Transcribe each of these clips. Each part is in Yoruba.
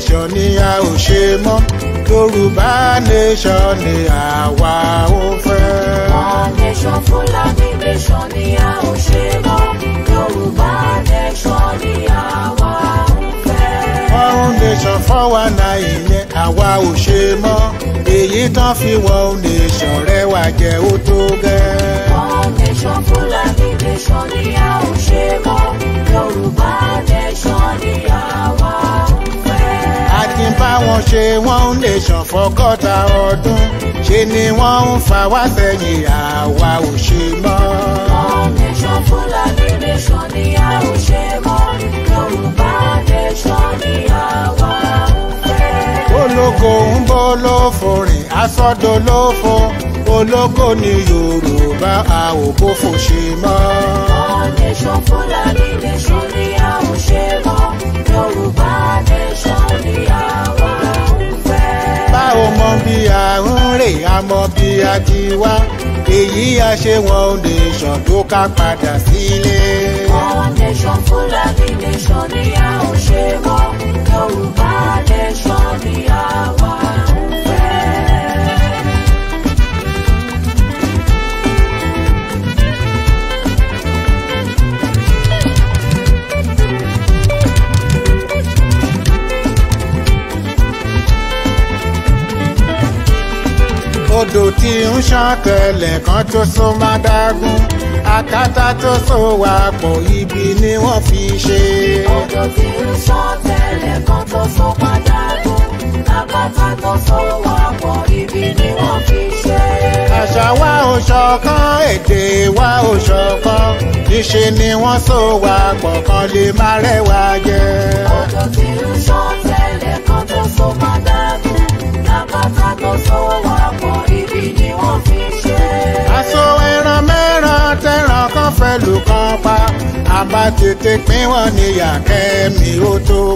nation ni a ò ṣe mọ́ yorùbá nation ni àwa ó fẹ́. one nation fúlàní nation ni a ò ṣe mọ́ yorùbá nation ni àwa ó fẹ́. one nation fọwọ́ náà ìyẹn àwa ò ṣe mọ́ èyí tán fi one nation rẹwà jẹ́ ó tó gẹ́. one nation fúlàní nation ni a ò ṣe mọ́ yorùbá nation ni àwa ó fẹ́ bá wọn ṣe wọ́n ń lè ṣàn fọ́gọ́ta ọdún ṣe ni wọ́n ń fa wá sẹ́yìn àwa ò ṣe mọ́. One Nation Fulani Nation ni a ò ṣe mọ́ Yorùbá Nation ni àwa ò fẹ́. ológo ń bọ́ lófo rìn asọ́dọ̀ lófo ológo ni Yorùbá a ò bófo ṣe mọ́. One Nation Fulani Nation ni a ṣe mọ́. Yorùbá nation ni àwa ń fẹ́. báwo mọ bí a ń rè a mọ bí a ti wá èyí a ṣe wọn nation tó ká padà sílé. one Fúlàní nation ni a ò ṣe wọ́n Yorùbá nation ni àwa. odò tí ń ṣàn kẹlẹ̀ kan tó so má dágún akátá tó so wà pọ̀ ibi ni wọ́n fi ṣe. odò tí ń ṣàn kan tó so má dágún akátá tó so wà pọ̀ ibi ni wọ́n fi ṣe. àṣà wa ò ṣọ̀kan èdè wa ò ṣọ̀kan níṣe ni wọ́n so wà pọ̀ kan lè má rẹwà jẹ. odò tí ń ṣàn kan tó so má dágún àtàgbò sówà pọ̀ ibi ni wọ́n fi ṣe. aṣọ ẹran mẹ́ran tẹran kan ó tó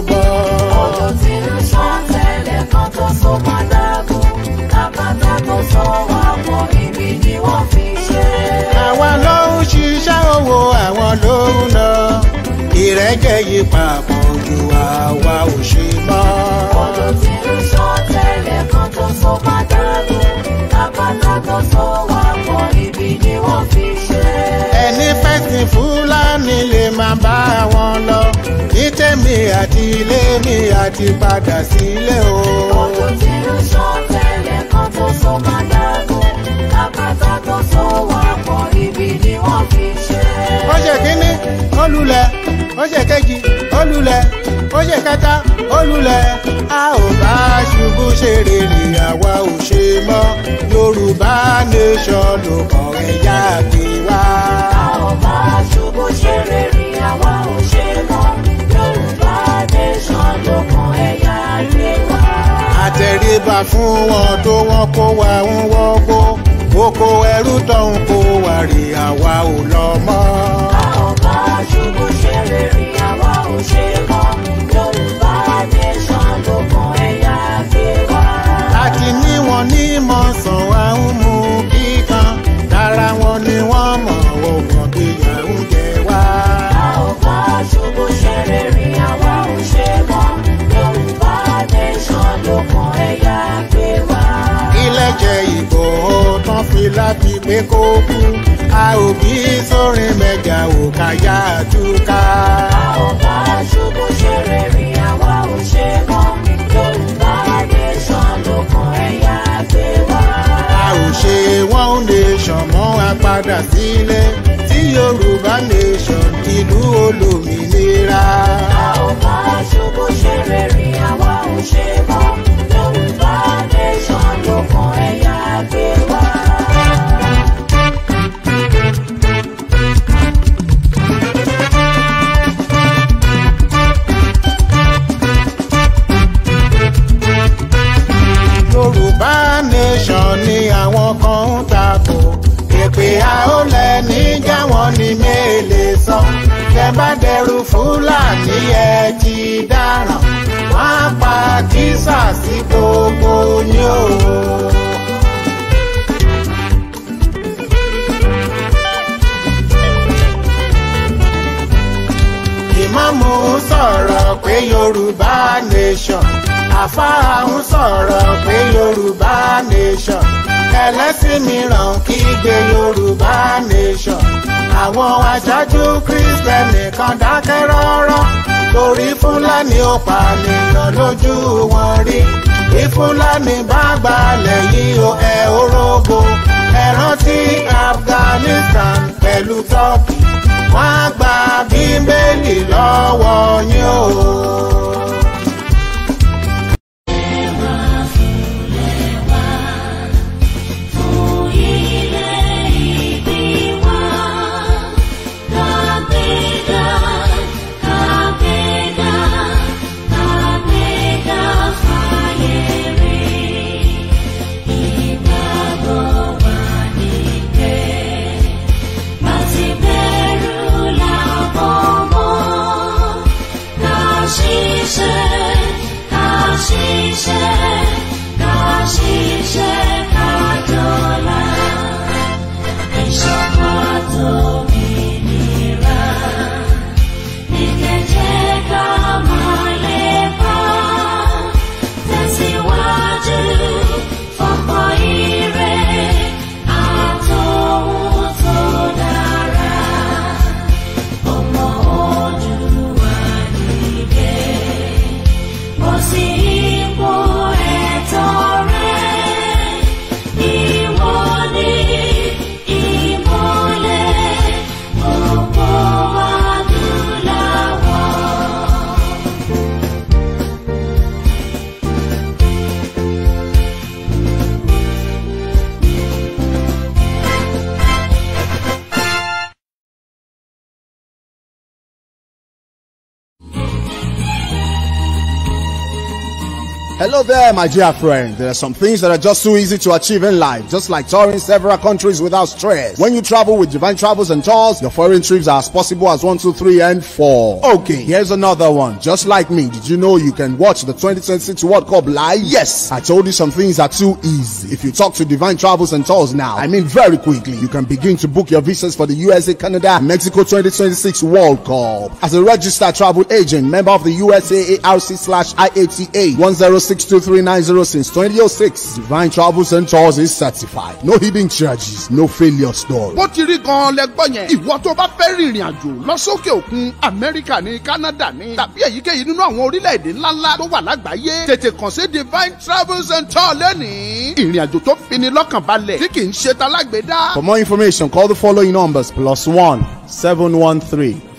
bọ́. ọ̀rọ̀ tí ń ṣàn kan tó so padà bù àbátà tó sówà pọ̀ ibi ni wọ́n fi ṣe. àwa ló ń ṣiṣẹ́ owó àwọn ló ń lọ ìrẹ́jẹ yìí papọ̀ ju àwa ò ṣe mọ́. ọ̀dọ̀ tí ń sọ tẹ́lẹ̀ kan tó so pátá lù lápáta tó so wà pọ̀ ibi ni wọ́n fi ṣe. ẹni fẹ̀sìn fúlàní lè máa bá wọn lọ ní àti ilé mi àti padà sílé o. ọ̀dọ̀ tí ń sọ tẹ́lẹ̀ kan tó so pátá lápáta. ó ṣe kínní ó lulẹ̀ ó ṣe kejì kẹta ó a ò bá ṣubú ṣe rere àwa ò ṣe mọ́ Yorùbá nation ló kàn ẹ̀yà tiwa. a ò bá ṣubú ṣe rere àwa ò ṣe mọ́ Yorùbá nation ló kàn ẹ̀yà tiwa. àtẹ̀ríba fún wọn tó wọ́n kó wa ń wọ́gbó oko ẹrú tọ̀hún kó wàrí àwa ò lọ mọ́. a ò bá ṣubú ṣe rere àwa ò ṣe mọ́ kíkan dára wọn ni wọ́n mọ̀ ọ̀wọ̀ gbéyàwó. fi láti pé kó kú a ò bí sórin mẹ́jà ò káyà túká. a ò bá ṣubú ṣeré rí àwa ò ṣe mọ́ Yorùbá nation ló kan ẹ̀yà gbé wá. a ò ṣe one nation mọ́ a padà sílé tí Yorùbá nation ìlú olómìnira. a ò bá ṣubú ṣeré rí àwa ò ṣe mọ́ Yorùbá nation ló ẹ̀yà gbé wá. election ni àwọn kan ń takò èpè àólẹ̀ níjà wọn ni mélèé sọ tẹ bá dẹrù fúlàní ẹ ti dáràn wọn á pa kísà sí gbogbo yín o. ìmọ̀mù sọ̀rọ̀ pé yorùbá nation àfáà ń sọ̀rọ̀ pé yorùbá nation ẹlẹ́sìn mìíràn kígbe yorùbá nation àwọn aṣáájú kristẹni kan dákẹ́ rọ́rọ́ torí fúlàní ò pànìyàn lójú wọn rí bí fúlàní bá gbalẹ̀ yìí o ẹ̀ orógbó ẹ rántí afghanistan pẹ̀lú turkey wọ́n á gba bíbélì lọ́wọ́ yín o. się, nosi się. Hello there, my dear friend. There are some things that are just too easy to achieve in life, just like touring several countries without stress. When you travel with Divine Travels and Tours, your foreign trips are as possible as 1, 2, 3, and 4. Okay, here's another one. Just like me, did you know you can watch the 2026 World Cup live? Yes, I told you some things are too easy. If you talk to Divine Travels and Tours now, I mean very quickly, you can begin to book your visas for the USA, Canada, Mexico 2026 World Cup. As a registered travel agent, member of the USAARC slash IATA 106 six two three nine zero since twenty oh six divine travels and tours is certified no hidden charges no failure story. bó ti rí gan-an lẹ́gbọ́n yẹn ìwọ tó bá fẹ́ rìnrìn àjò lọ sókè òkun amẹ́ríkà ní kánádà ní tàbí èyíkéyìí nínú àwọn orílẹ̀-èdè ńláńlá tó wà lágbàáyé tètè kàn sí divine travels and tours lẹ́nìí ìrìn àjò tó fini lọ́kàn balẹ̀ tí kì í ṣe talágbèédá. for more information call the following numbers plus one seven one three.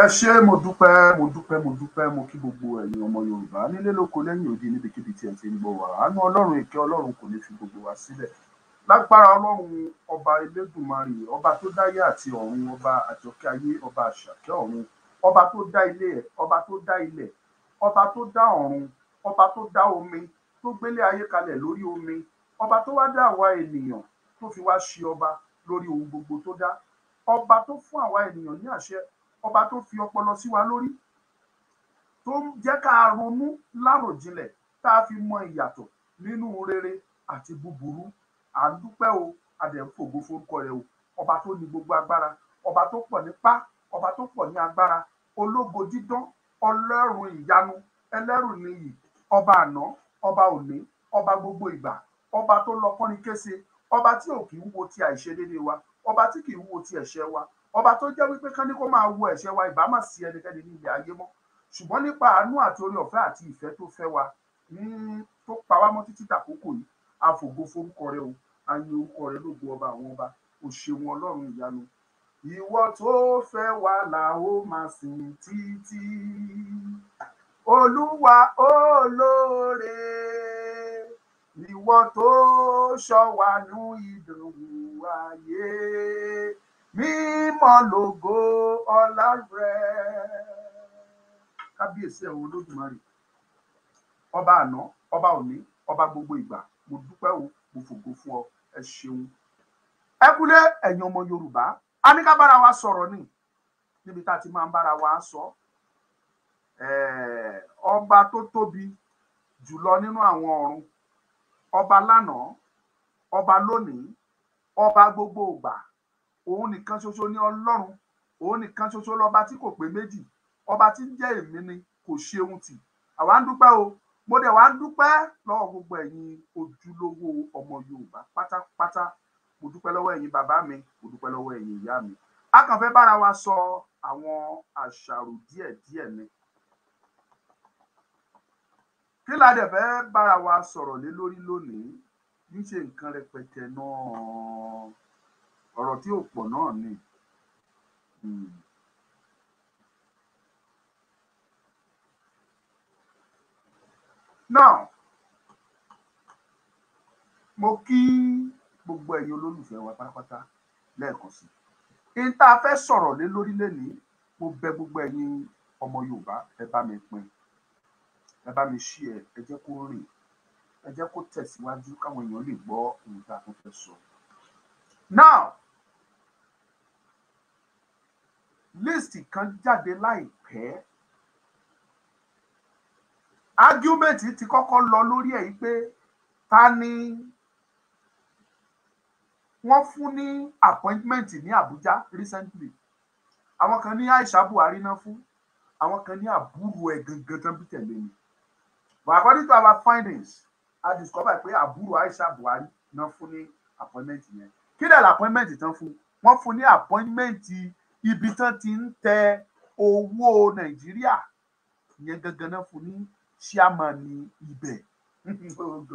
ẹ ṣé mo dúpẹ́ mo dúpẹ́ mo dúpẹ́ mo kí gbogbo ẹ̀yin ọmọ yorùbá nílé lóko lẹ́yìn odi níbikíbi tí ẹ ti ń gbọ́ wá àánú ọlọ́run ìkẹ́ ọlọ́run kò ní fi gbogbo wa sílẹ̀ lágbára ọlọ́run ọba elédùnmarè ọba tó dáyé àti ọ̀run ọba àjọkẹ́ ayé ọba àṣàkẹ́ ọ̀run ọba tó dá ilé ẹ ọba tó dá ilẹ̀ ọba tó dá ọ̀run ọba tó dá omi tó gbélé ayé kalẹ̀ lórí omi ọba tó wá dá àwa ènìyàn tó fi wá ṣe ọba lórí ohun gbogbo tó dá ọba tó fún àwa ènìyàn ní àṣẹ ọba tó fi ọpọlọ sí wa lórí tó ń jẹ́ ká ronú láròjinlẹ̀ tá a fi mọ ìyàtọ̀ nínú rere àti búburú à ń dúpẹ́ o adẹ̀ǹfògo forúkọ rẹ o ọba tó ní gbogbo agbára ọba tó pọ̀ nípá ọba tó pọ̀ ní agbára ológo dídán ọlọ́run ìyanu ẹlẹ́rù nìyí ọba àná ọba òní ọba gbogbo ìgbà ọba tó lọ kọ́ni kése ọba tí ò kì í wo ti àìṣedéédéé wa ọba tí kì í wo ti ẹ̀ṣẹ̀ wa ọba tó jẹ́ wípé kán ní kó máa wo ẹ̀ṣẹ̀ wa ìbá má sí ẹnikẹ́ni ní ilẹ̀ ayé mọ́ ṣùgbọ́n nípa àánú àti orí ọ̀fẹ́ àti ìfẹ́ tó fẹ́ wa ní tó pa wá mọ́ títí dàkókò yìí àfògo forúkọ rẹ o a yin orúkọ rẹ lógo ọba àwọn ọba o ṣeun ọlọ́run ìyanu ìwọ tó fẹ́ wa là ó máa sìn títí olúwa olóore ìwọ tó ṣọ́ wa nú ìdùnnú ayé mímọ́ lógo ọlá rẹ kábíyèsí ẹ̀wọ̀n olódùmarè ọba àná ọba òní ọba gbogbo ìgbà mo dúpẹ́ o mo fògo fún ọ ẹ ṣeun ẹ kúlé ẹ̀yin ọmọ yorùbá a ní ká bára wa sọ̀rọ̀ ni níbi tá a ti máa ń bára wa sọ ọba tó tóbi jùlọ nínú àwọn ọ̀run ọba lánàá ọba lónìí ọba gbogbo ìgbà òun nìkan ṣoṣo ni ọlọ́run òun nìkan ṣoṣo lọ́ba tí kò pé méjì ọba tí ń jẹ́ èmi ni kò ṣe ohun tì àwa ń dúpẹ́ o mo dẹ̀ wá ń dúpẹ́ lọ́wọ́ gbogbo ẹ̀yin ojúlówó ọmọ yorùbá pátápátá mo dúpẹ́ lọ́wọ́ ẹ̀yin bàbá mi mo dúpẹ́ lọ́wọ́ ẹ̀yin ìyá mi a kàn fẹ́ bára wa sọ àwọn àṣàrò díẹ̀díẹ̀ ni kí la dẹ̀ fẹ́ bára wa sọ̀rọ̀ lé lórí lónìí ní ṣe nǹkan rẹpẹtẹ náà ọ̀rọ̀ tí ò pọ̀ náà ni. Hmm. now mo kí gbogbo ẹ̀yin olólùfẹ́ wa pátápátá lẹ́ẹ̀kan sí i tá a fẹ́ sọ̀rọ̀ lé lórí lénìí mo bẹ gbogbo ẹ̀yin ọmọ Yorùbá ẹ bá mi pín ẹ bá mi ṣí ẹ ẹ jẹ́ kó rìn ẹ jẹ́ kó tẹ̀síwájú káwọn èèyàn lè gbọ́ ohun tá a tún fẹ́ sọ. now list kan jáde láìpẹ́ argument ti kọ́kọ́ lọ lórí ẹ̀ yìí pé ta ni wọ́n fún ní appointment ní Abuja recently àwọn kan ní Aisha Buhari náà fún àwọn kan ní àbúrò ẹ̀ gangan tán bí tẹ̀lé ni but according to our findings a discover pé àbúrò Aisha Buhari náà fún ní appointment yẹn kí dẹ̀ appointment tán fún wọ́n fún ní appointment yìí ibi tán ti ń tẹ owó nàìjíríà yẹn gangan náà fún ní chairman ní ibẹ̀ oh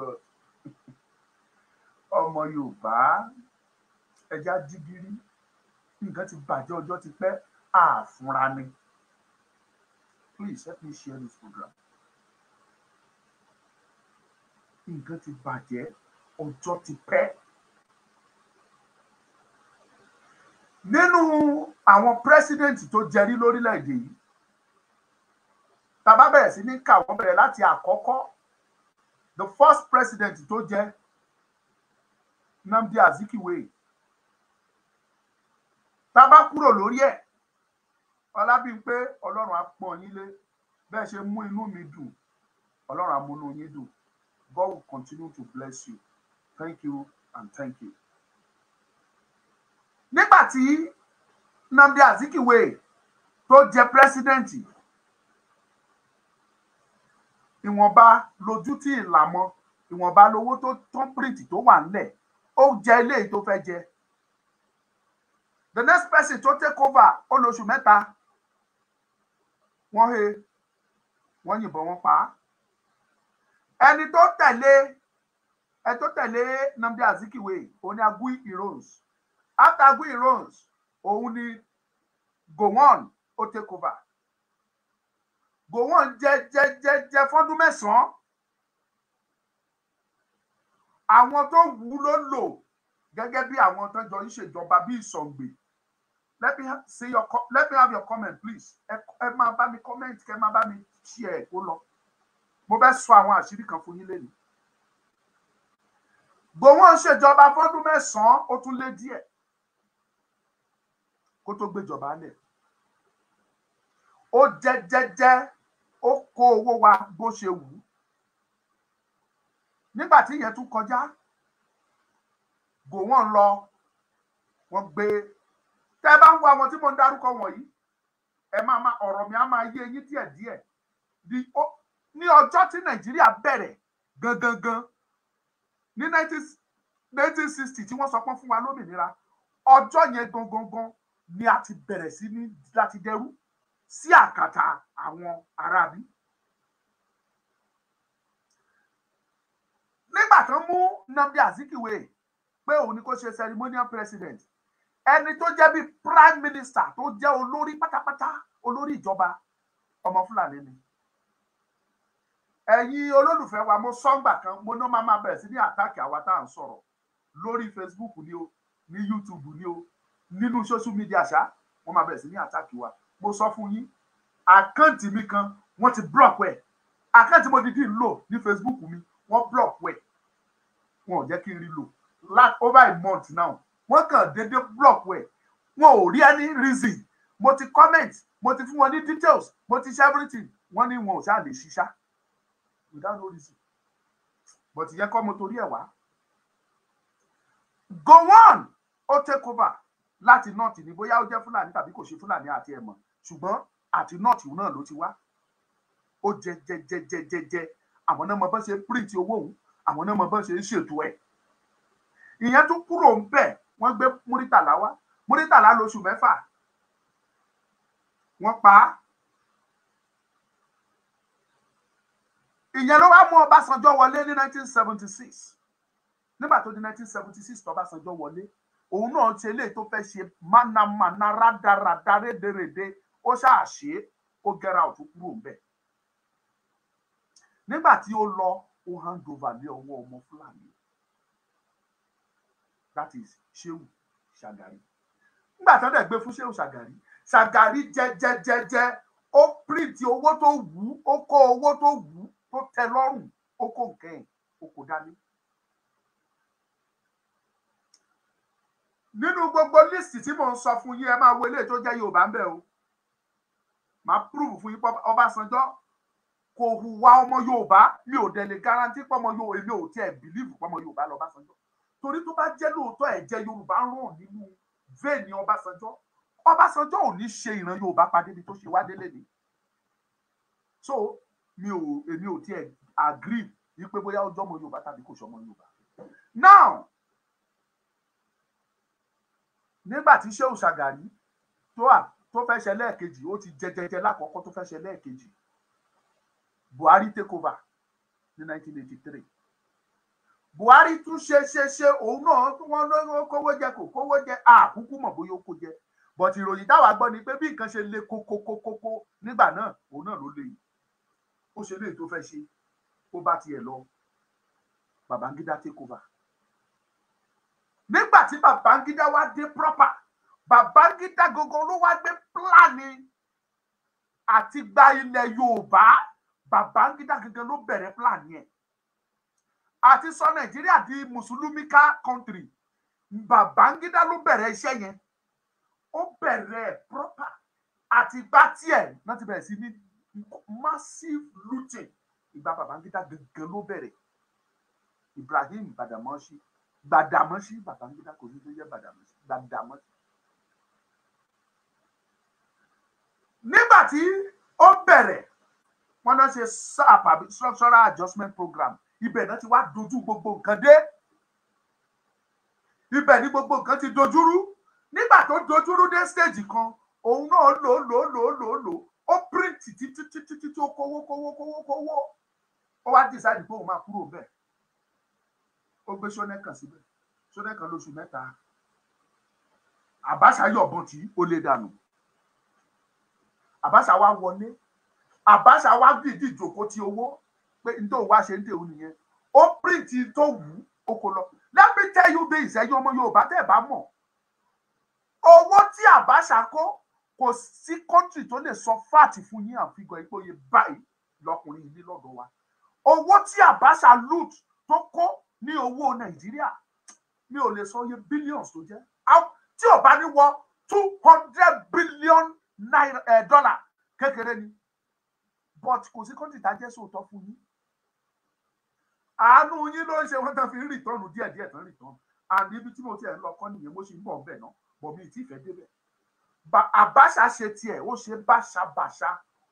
ọmọ yorùbá ẹja jígírí nǹkan ti bàjẹ́ ọjọ́ ti pẹ́ àfúnra ni please help me share this program nǹkan ti bàjẹ́ ọjọ́ ti pẹ́. nínú àwọn pírẹsidẹǹtì tó jẹrí lórílẹ̀ yìí tàbá bẹ̀rẹ̀ sí ní kà wọ́n bẹ̀rẹ̀ láti àkọ́kọ́ the first president tó jẹ Nnamdi Azikiwe tàbá kúrò lórí ẹ̀ Ọlábímpé Ọlọ́run á yín lé bẹ́ẹ̀ ṣe mú inú mi dùn Ọlọ́run á yín dùn God will continue to bless you thank you and thank you nígbà tí Nnamdi Azikiwe tó jẹ pírẹsidẹ́ǹtì ìwọ̀nba lójú tí ìlà mọ ìwọ̀nba lówó tó tán print tó wà ńlẹ̀ ó jẹ eléyìí tó fẹ́ jẹ the next person tó take over ó lóṣù mẹ́ta wọ́n he wọ́n yìnbọn wọ́n pa á ẹni tó tẹ̀lé ẹ tó tẹ̀lé Nnamdi Azikiwe oní Agui Ironsi after Gui runs òun ni Gowon ó take over Gowon jẹ jẹ jẹ jẹ fọ́dún mẹ́sànán àwọn tó wù ú ló lò gẹ́gẹ́ bí àwọn tó jọ ń ṣèjọba bí ìsọ̀gbè let me see your let me have your comment please ẹ máa bá mi comment kẹ máa bá mi ṣí ẹ kó lọ mo fẹ́ sọ àwọn àṣírí kan fún yín lẹ́nu. Gowon ṣèjọba fọ́dún mẹ́sànán ó tún lé díẹ̀ kó tó gbéjọba lẹ̀ ó jẹ́ jẹ́jẹ́ ó kó owó wa bó ṣe wù ú nígbà tí ìyẹn tún kọjá gòwọ́n lọ wọ́n gbé tẹ́ bá ń wo àwọn tí mo ń dárúkọ wọ̀nyí ẹ máa ma ọ̀rọ̀ mi á máa yé yín díẹ̀díẹ̀ ní ọjọ́ tí nàìjíríà bẹ̀rẹ̀ gangan ní nineteen sixty tí wọ́n sọ pé fún wa lómìnira ọjọ́ yẹn gangan ni a ti bẹ̀rẹ̀ sí ní láti dẹrú sí àkàtà àwọn aráabí. nígbà tán mú Nnamdi Azikiwe pé òun ni kó ṣe ceremonial president ẹni tó jẹ́ bíi prime minister tó jẹ́ olórí pátápátá olórí ìjọba ọmọ Fúlàní ni ẹ̀yin olólùfẹ́ wa mo sọ́ngbà kan mo ná máa máa bẹ̀rẹ̀ sí ní àtàkì àwa tá à ń sọ̀rọ̀ lórí Facebook ni o ní YouTube ni o nínú social media ṣá wọ́n máa bẹ̀rẹ̀ sí ní àtàkì wa mo sọ fún yín àkáǹtì mi kan wọ́n ti block ẹ̀ àkáǹtì mo dídí lò ní Facebook mi wọ́n block ẹ̀ wọn ò jẹ́ kí n rí lò over a month now wọ́n kàn déédéé block ẹ̀ wọn ò rí any reason mo ti comment mo ti fún wọn ní details mo ti ṣe everything wọ́n ní wọn ò ṣáà lè ṣiṣá without no reason but ìyẹn kọ́ mo torí ẹ̀ wá go on ó take over láti nọ́ọ̀tì ni bóyá ó jẹ́ fúlàní tàbí kò ṣe fúlàní àti ẹ̀mọ̀ ṣùgbọ́n àti nọ́ọ̀tì náà ló ti wá ó jẹ jẹ jẹ jẹ jẹ jẹ àwọn náà mọ bá ṣe print owó òun àwọn náà mọ bá ṣe ṣètò ẹ̀ ìyẹn tún kúrò ń bẹ̀ wọ́n gbé múrítàlá wá múrítàlá lóṣù mẹ́fà wọ́n pa á ìyẹn ló wá mú Ọbásanjọ́ wọlé ní 1976 nígbà tó di 1976 tó Ọbásanjọ́ wọlé òun náà ṣe eléyìí tó fẹ́ ṣe mánamáná rádaràdá rédeèrèdè ó ṣáà ṣe é ó gẹ́ra òtún kúrò ń bẹ̀. nígbà tí ó lọ ó hand over lé ọwọ́ ọmọ fúlàní that is Shehu Shagari nígbà tí wọ́n dẹ̀ gbé fún Shehu Shagari Shagari jẹjẹjẹjẹ ó print owó tó wù ú ó kó owó tó wù ú tó tẹ́ lọ́rùn ó kó nǹkan ẹ̀ ó kó dání nínú gbogbo lísì tí mò ń sọ fún yín ẹ máa wo eléyìí tó jẹ́ yorùbá ń bẹ̀ o màá prove fún yín ọbásanjọ́ kò hùwà ọmọ yorùbá mi ò dẹ̀ lè garanti pọ́mọ yorùbá èmi ò tiẹ̀ bìlíìfù pọ́mọ yorùbá lọ́básanjọ́ torí tó bá jẹ́ lóòótọ́ ẹ̀jẹ̀ yorùbá ń rò nínú vein ọbásanjọ́ ọbásanjọ́ ò ní ṣe ìran yorùbá padé ni tó ṣe wá délé ni so mi ò èmi ò tiẹ̀ agree wípé bóyá ọjọ́ ọmọ yorùbá tàbí kò ṣọmọ yorùbá now nígbà tí Shehu Shagari tó à tó fẹ́ ṣe lẹ́ẹ̀kejì ó ti jẹjẹjẹ lákọ̀ọ́kọ́ tó fẹ́ ṣe lẹ́ẹ̀kejì Buhari take over ní 1983 Buhari tún ṣe ṣe ṣe òun náà wọ́n ló kówó jẹ kò kówó jẹ àkúkú mọ̀ bóyá ó kó jẹ but ìròyìn táwa gbọ́ ni pé bí nǹkan ṣe le kókókókókó nígbà náà òun náà ló le yìí ó ṣe léyìí tó fẹ́ ṣe ó bá tiẹ̀ lọ Babangida take over nígbà tí Babangida wá dé proper Babangida gógó ló wá gbé pílánì àti gba ilẹ̀ Yorùbá Babangida gẹ́gẹ́ ló bẹ̀rẹ̀ pílánì ẹ̀ àti sọ Nàìjíríà di mùsùlùmí ká kọ́ńtìrì Babangida ló bẹ̀rẹ̀ iṣẹ́ yẹn ó bẹ̀rẹ̀ proper àti gbá tiẹ̀ láti bẹ̀rẹ̀ sí ní massive looting ìgbà Babangida gẹ́gẹ́ ló bẹ̀rẹ̀ Ibrahim Badamasi Gbàdàmọ́sí Bàbáńgídá kò ní tó jẹ́ Gbàdàmọ́sí Gbàdàmọ́sí. nígbà tí ó bẹ̀rẹ̀ wọ́n náà ṣe structural adjustment program ibẹ̀ náà ti wá dojú gbogbo nǹkan dé ibẹ̀ ni gbogbo nǹkan ti dojúrú nígbà tó dojúrú dé stage kan òun náà lò ó lò ó lò ó lò ó lò ó print títí títí títí ó kówó kówó kówó kówó ó wá decide pé òun máa kúrò bẹ́ẹ̀ ó gbé sọnẹkàn síbẹ̀ sọnẹkàn lóṣù mẹ́ta àbáṣà yọbọn tí ó lè dànù àbáṣà wa wọlé àbáṣà wa dìdí ìjòkó ti owó pé n tó wá ṣe ń tèwú nìyẹn ó píríǹtì tó wù ó kó lọ let me tell you this ẹ̀yin ọmọ Yorùbá tẹ́ ẹ̀ bá mọ̀ owó tí àbáṣà kó kò sí kọ́ńtì tó lè sọ fáàtì fún yín àfihàn ìpòye báyìí lọkùnrin yìí lọ́dọ̀ wa owó tí àbáṣà loot tó kó ní owó nàìjíríà mi ò lè sọ iye billions tó jẹ́ tí ò bá ní wọ two hundred billion naira eh, dollar kékeré ni but kò sí kọ́ńtì tá a jẹ́ sóòótọ́ fún yín àánú yín ló ń ṣe wọ́n tán fi ń rìtọ́nù díẹ̀díẹ̀ tán rìtọ́nù àbí ibi tí mo ti ẹ̀ lọ kọ́ nìyẹn mo sì ń bọ̀ ń bẹ̀ náà bọ̀ mi ti fẹ́ débẹ̀ àbáṣà ṣe tiẹ̀ ó ṣe báṣabàṣa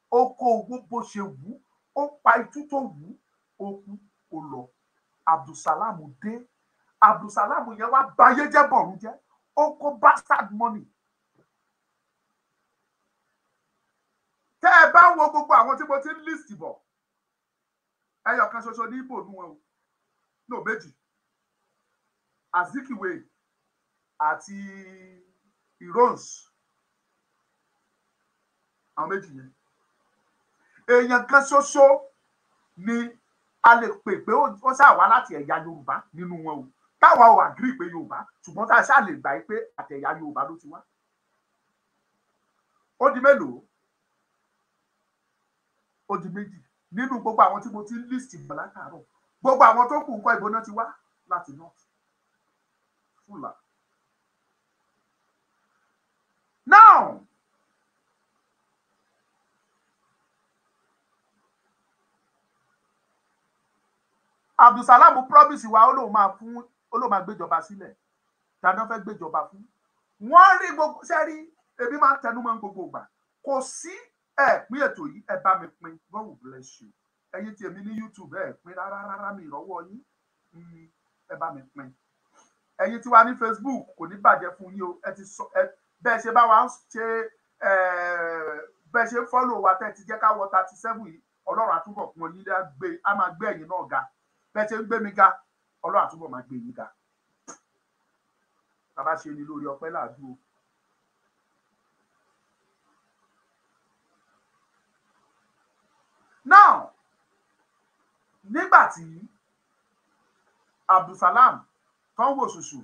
ó kó owó bó ṣe wù ú ó pa itú tó wù ú ó kú ó lọ abdulsalam dé abdulsalam yẹn wá bayé jẹ́ bọ̀rún jẹ́ ó kó bastard money tẹ́ ẹ bá wo gbogbo àwọn tí mo ti ń list bọ̀ ẹyọ kan ṣoṣo ní ibo nu wọn o no méjì azikiwe àti irons àwọn méjì yẹn èèyàn kan ṣoṣo ni a lè pè pé ó ṣáà wá láti ẹ̀yà yorùbá nínú wọn o táwa ò àgírí pé yorùbá ṣùgbọ́n tá a ṣáà lè gbà yí pé àtẹ̀yà yorùbá ló ti wá ó di mélòó ó di méjì nínú gbogbo àwọn tí mo ti ń list bọ̀ látàárọ̀ gbogbo àwọn tó kù ń kọ́ ìbọn ti wá láti north fúlà now abdulsalam promise wa ó lóun máa fún ó lóun máa gbéjọba sílẹ̀ tàbí wọ́n fẹ́ gbéjọba fún wọ́n rí gbogbo sẹ́rí ebi máa ń tẹnu mọ́ gbogbo ìgbà kò sí ẹ pín ètò yìí ẹ bá mi pín God will bless you ẹ̀yin tí èmi ní YouTube ẹ pín rárá rárá mi ìrọ́wọ́ yín hmm, ẹ bá mi pín ẹ̀yin tí wà ní Facebook kò ní bàjẹ́ fún yín o ẹ ti sọ ẹ bẹ́ẹ̀ ṣe bá wa ń ṣe ẹ bẹ́ẹ̀ ṣe ń fọ́lò wa tẹ́ ti jẹ́ ká wọ thirty seven yìí ọlọ́run àtúbọ̀ fún ọ yín á máa gbé ẹ̀yin náà ga bẹ́ẹ̀ ń gbé mi ga ọlọ́run àtúbọ̀ máa gbé yín ga bàbá ṣe ni lórí ọpẹ́ làádúró now nígbà tí Abdulsalam tó ń wò ṣùṣù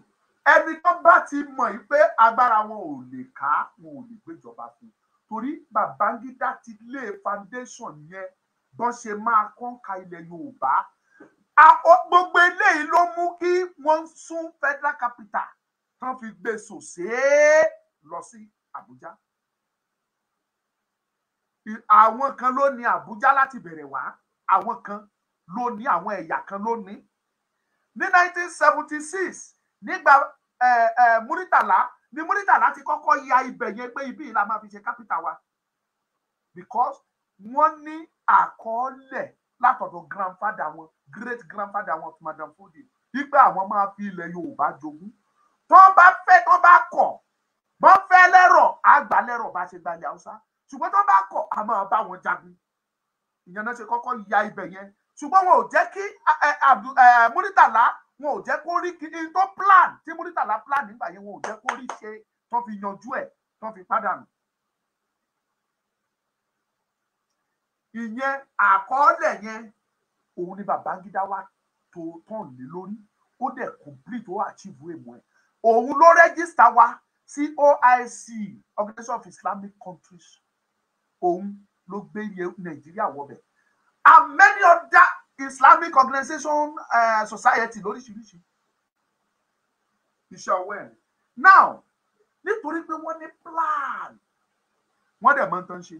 ẹni tó bá ti mọ̀ yìí pé agbára wọn ò lè ká wọn ò lè gbéjọba fún torí Babangida ti lé foundation yẹn bọ́n ṣe máa kọ́ńka ilẹ̀ Yorùbá gbogbo eléyìí ló mú kí wọ́n sún federal capital tán fi gbé sòsé lọ sí Àbújá àwọn kan ló ní Àbújá láti bẹ̀rẹ̀ wá àwọn kan ló ní àwọn ẹ̀yà kan ló ní ní 1976 nígbà eh, eh, Muritala ni Muritala ti kọ́kọ́ ya ibẹ̀ yẹn pé ibí yìí la máa fi ṣe capital wa because wọ́n ní àkọọ́lẹ̀ látọ̀dọ̀ grandfather wọn great grandfather wọn ti madam fode wípé àwọn máa fi ilẹ̀ yorùbá jogún tó bá fẹ́ tó bá kọ̀ bọ́n fẹ́ lẹ́rọ̀ àgbà lẹ́rọ̀ bá ṣe gbalẹ̀ haúsá ṣùgbọ́n tó bá kọ̀ a máa bá wọn jagun ìyẹn náà ṣe kọ́kọ́ ya ibẹ̀ yẹn ṣùgbọ́n wọn ò jẹ́ kí múrítàlá wọn ò jẹ́ kó rí kí n tó plan tí múrítàlá plan nígbà yẹn wọn ò jẹ́ kó rí ṣe tó fi yanjú ẹ̀ tó fi pàdánù ìyẹn àkọọ́lẹ̀ yẹn òun ni Babangida wa tó tàn lé lórí ó dẹ̀ complete ó achieve èmọ̀ ẹ̀ òun ló register wa sí OIC Organization of Islamic Countries òun ló gbé Nàìjíríà wọbẹ̀ and many other Islamic organization uh, society lóríṣiríṣi iṣẹ́ ọwọ́ ẹ̀ now nítorí pé wọ́n ní plan wọ́n dẹ̀ mọ́ tán ṣe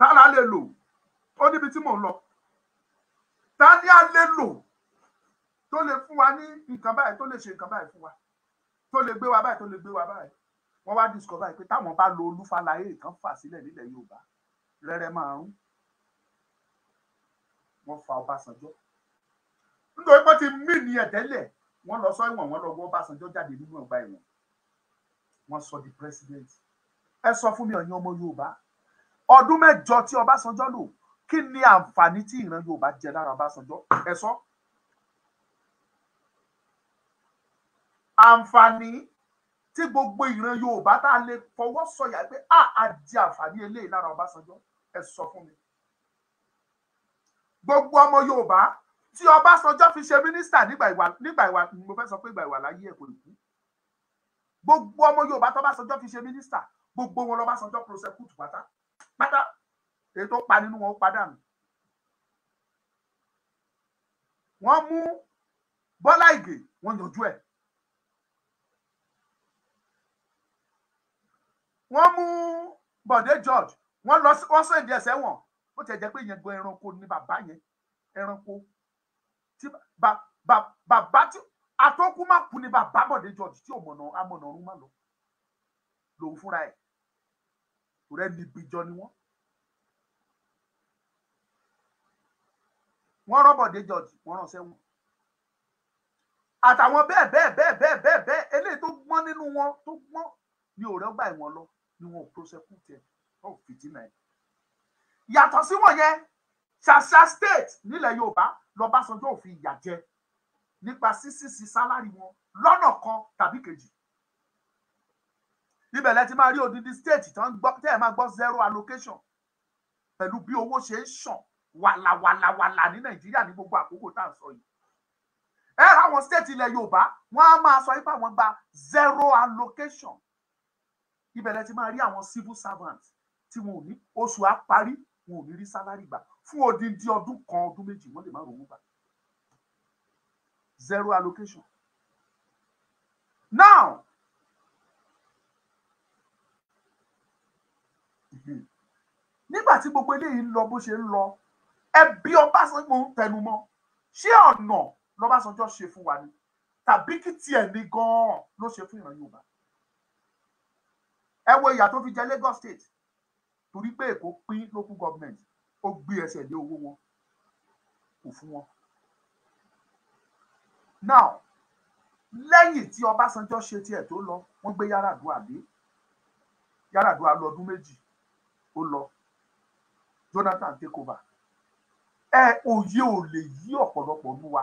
tára lè lò ó níbi tí mò ń lọ ta ni a lè lò tó lè fún wa ní nǹkan báyìí tó lè ṣe nǹkan báyìí fún wa tó lè gbé wa báyìí tó lè gbé wa báyìí wọ́n wá discover pé táwọn bá lo olúfalayé kan fà sílẹ̀ nílẹ̀ Yorùbá rẹ́rẹ́ máa rún wọ́n fa Ọbásanjọ́ nítorí wọ́n ti mí ní ẹ̀tẹ́lẹ̀ wọ́n lọ sọ ìwọ̀n wọ́n lọ gbọ́ Ọbásanjọ́ jáde nínú ọgbà ẹ̀wọ̀n wọ́n sọ di president ẹ sọ fún mi ọ̀yin ọmọ Yorùbá ọdún mẹ́jọ tí Ọbásanjọ́ lò kí ni àǹfààní tí ìran Yorùbá jẹ lára Ọbásanjọ́ ẹ sọ. àǹfààní tí gbogbo ìran Yorùbá tá a lè fọwọ́ sọ̀yà pé a á di àǹfààní eléyìí lára Ọbásanjọ́ ẹ sọ fún mi. gbogbo ọmọ Yorùbá tí Ọbásanjọ́ fi ṣe mínísítà nígbà ìwà nígbà ìwà mo fẹ́ sọ pé ìgbà ìwà láyé ẹ̀ kò ní kú gbogbo ọmọ Yorùbá tó Ọbásanjọ́ fi ṣe mínísítà gbogbo wọn lọ́básanjọ́ prosecute pátá pátá èyí tó pa nínú wọn ó pàdánù wọ́n mú Bọ́lá Ìgè wọ́n yanjú ẹ̀ wọ́n mú Bọ̀dé George wọ́n lọ wọ́n sọ èdè ẹsẹ̀ wọn ó tẹ̀ jẹ́ pé yẹn gan ẹranko ni bàbá yẹn ẹranko tí bàbá tí atọ́kùn má kú ni bàbá Bọ̀dé George tí ò mọ̀nà amọ̀nà ọ̀run má lọ lòun fúnra ẹ̀ torí ẹni ìbíjọ ni wọ́n. wọ́n rán Bọ̀dé George wọ́n rán sẹ́wọ̀n àtàwọn bẹ́ẹ̀ bẹ́ẹ̀ bẹ́ẹ̀ bẹ́ẹ̀ bẹ́ẹ̀ bẹ́ẹ̀ eléyìí tó gbọ́n nínú wọn tó gbọ́n ni òòrẹ́ ọgbà ìwọ̀n lọ ni wọn ò prosecute ẹ̀ wọn ò fìdí náà ẹ̀. yàtọ̀ sí wọ̀nyẹn Ṣàṣà state nílẹ̀ Yorùbá lọ́básanjọ́ òfin ìyà jẹ nípa sísísí sálárì wọn lọ́nà kan tàbí kejì ibẹ̀ lẹ ti máa rí odidi state tẹ́ ẹ máa gbọ́ zero allocation pẹ̀lú bí owó ṣe ń ṣàn wàlàwàlàwàlà ní nàìjíríà ní gbogbo àkókò tá à ń sọ yìí ẹ ra àwọn state ilẹ̀ yorùbá wọ́n á máa sọ ipá wọn gba zero allocation ibẹ̀ lẹ ti máa rí àwọn civil servants tí wọn ò ní oṣù á parí wọn ò ní rí sálárì gbà fún odindi ọdún kan ọdún méjì wọ́n lè má rówó gbà zero allocation now nígbà tí gbogbo eléyìí lọ bó ṣe ń lọ ẹbí Ọbásanjọ́ ń tẹnu mọ́ ṣé ọ̀nà lọ́básanjọ́ ṣe fún wa ni tàbí kí tiẹ̀ ní gan-an ló ṣe fún ìran Yorùbá ẹ wo ìyà tó fi jẹ Lagos State torí pé Èkó pín local government ó gbé ẹsẹ̀ lé owó wọn kò fún wọn now lẹ́yìn tí Ọbásanjọ́ ṣe tiẹ̀ tó lọ wọ́n gbé Yar'Adua dé Yar'Adua lọ ọdún méjì ó lọ Jonathan take over ẹ òye ò lè yí ọ̀pọ̀lọpọ̀ nu wa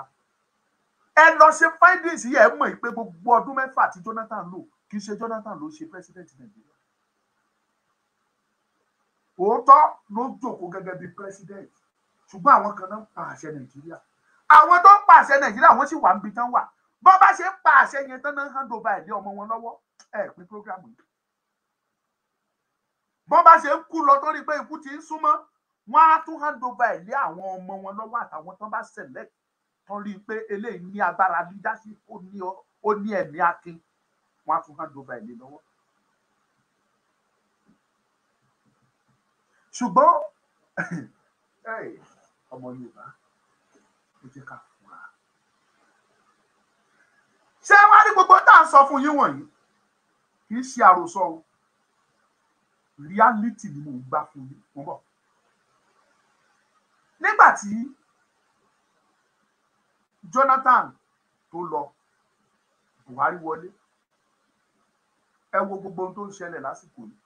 ẹ lọ ṣe findings yẹ ẹ mọ̀ pé gbogbo ọdún mẹ́fà tí Jonathan lò kì í ṣe Jonathan ló ṣe president Nàìjíríà òótọ́ ló jòkó gẹ́gẹ́ bí president ṣùgbọ́n àwọn kan náà ń pa àṣẹ Nàìjíríà àwọn tó ń pa àṣẹ Nàìjíríà wọ́n sì wà níbi tán wà bọ́ bá ṣe ń pa yẹn tán náà hand over ilé ọmọ wọn lọ́wọ́ ẹ̀ pín program yìí bọ́ bá ṣe ń kú lọ torí pé ikú ti ń súnmọ́ wọ́n á tún hand over ẹ̀ lé àwọn ọmọ wọn lọ́wọ́ àtàwọn tó bá select tán rí i pé eléyìí ní agbára leadership ó ní ó ní ẹ̀mí akin wọ́n á tún hand over ẹ̀ lé lọ́wọ́. ṣùgbọ́n ọmọ Yorùbá ó jẹ́ ká fura. ṣé wàá rí gbogbo tá à ń sọ fún yín wọ̀nyí kì í ṣe àròsọ o reality ni mò ń gbà fún yín nígbà Jonathan tó lọ Buhari wọlé ẹ wo gbogbo ohun tó ń ṣẹlẹ̀ lásìkò yìí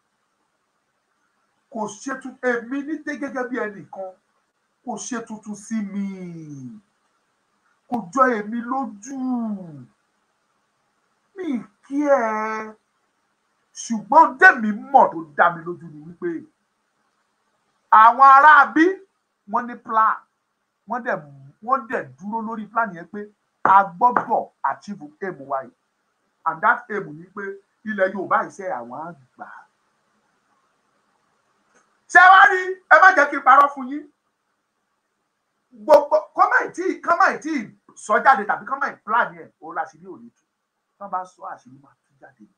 kò ṣe tuntun èmi ní dé gẹ́gẹ́ bí ẹnìkan kò ṣe tuntun sí mi kò jọ èmi lójú mi kí ẹ ṣùgbọ́n dẹ́mi mọ̀ tó dá mi lójú ni wípé àwọn aráabí wọ́n ní plan wọ́n dẹ̀ wọ́n dẹ̀ dúró lórí plan yẹn pé a gbọ́dọ̀ achieve aim wa yìí and that aim ni pé ilẹ̀ Yorùbá iṣẹ́ àwọn àgbà. ṣé wàá rí ẹ má jẹ́ kí n parọ́ fún yín gbogbo kọ́máìtì kọ́máìtì sọ jáde tàbí kọ́máìtì plan yẹn òun láṣìírí òní tú tán bá sọ àṣírí máa tú jáde ni.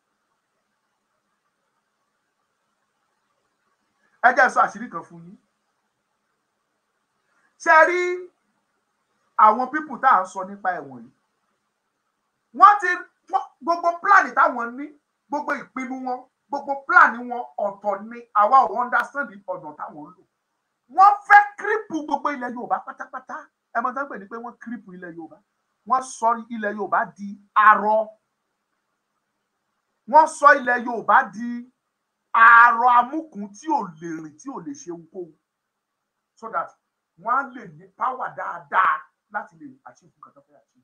ẹ jẹ́ sọ àṣírí kan fún yín ṣe rí àwọn pípù tá à ń sọ nípa ẹ̀wọ̀n yìí wọ́n ti gbogbo pílánì táwọn ní gbogbo ìpinnu wọn gbogbo pílánì wọn ọ̀tọ̀ ni àwa ò understand ọ̀nà táwọn lò wọ́n fẹ́ kírípù gbogbo ilẹ̀ Yorùbá pátápátá ẹ mọ̀ tán pè ní pé wọ́n kírípù ilẹ̀ Yorùbá wọ́n sọ ilẹ̀ Yorùbá di arọ wọ́n sọ ilẹ̀ Yorùbá di arọ amúkùn tí ò lè rìn tí ò lè ṣe ohunkóhun so that wọ́n á lè ní power dáadáa láti lè achieve nǹkan tó fẹ́ achieve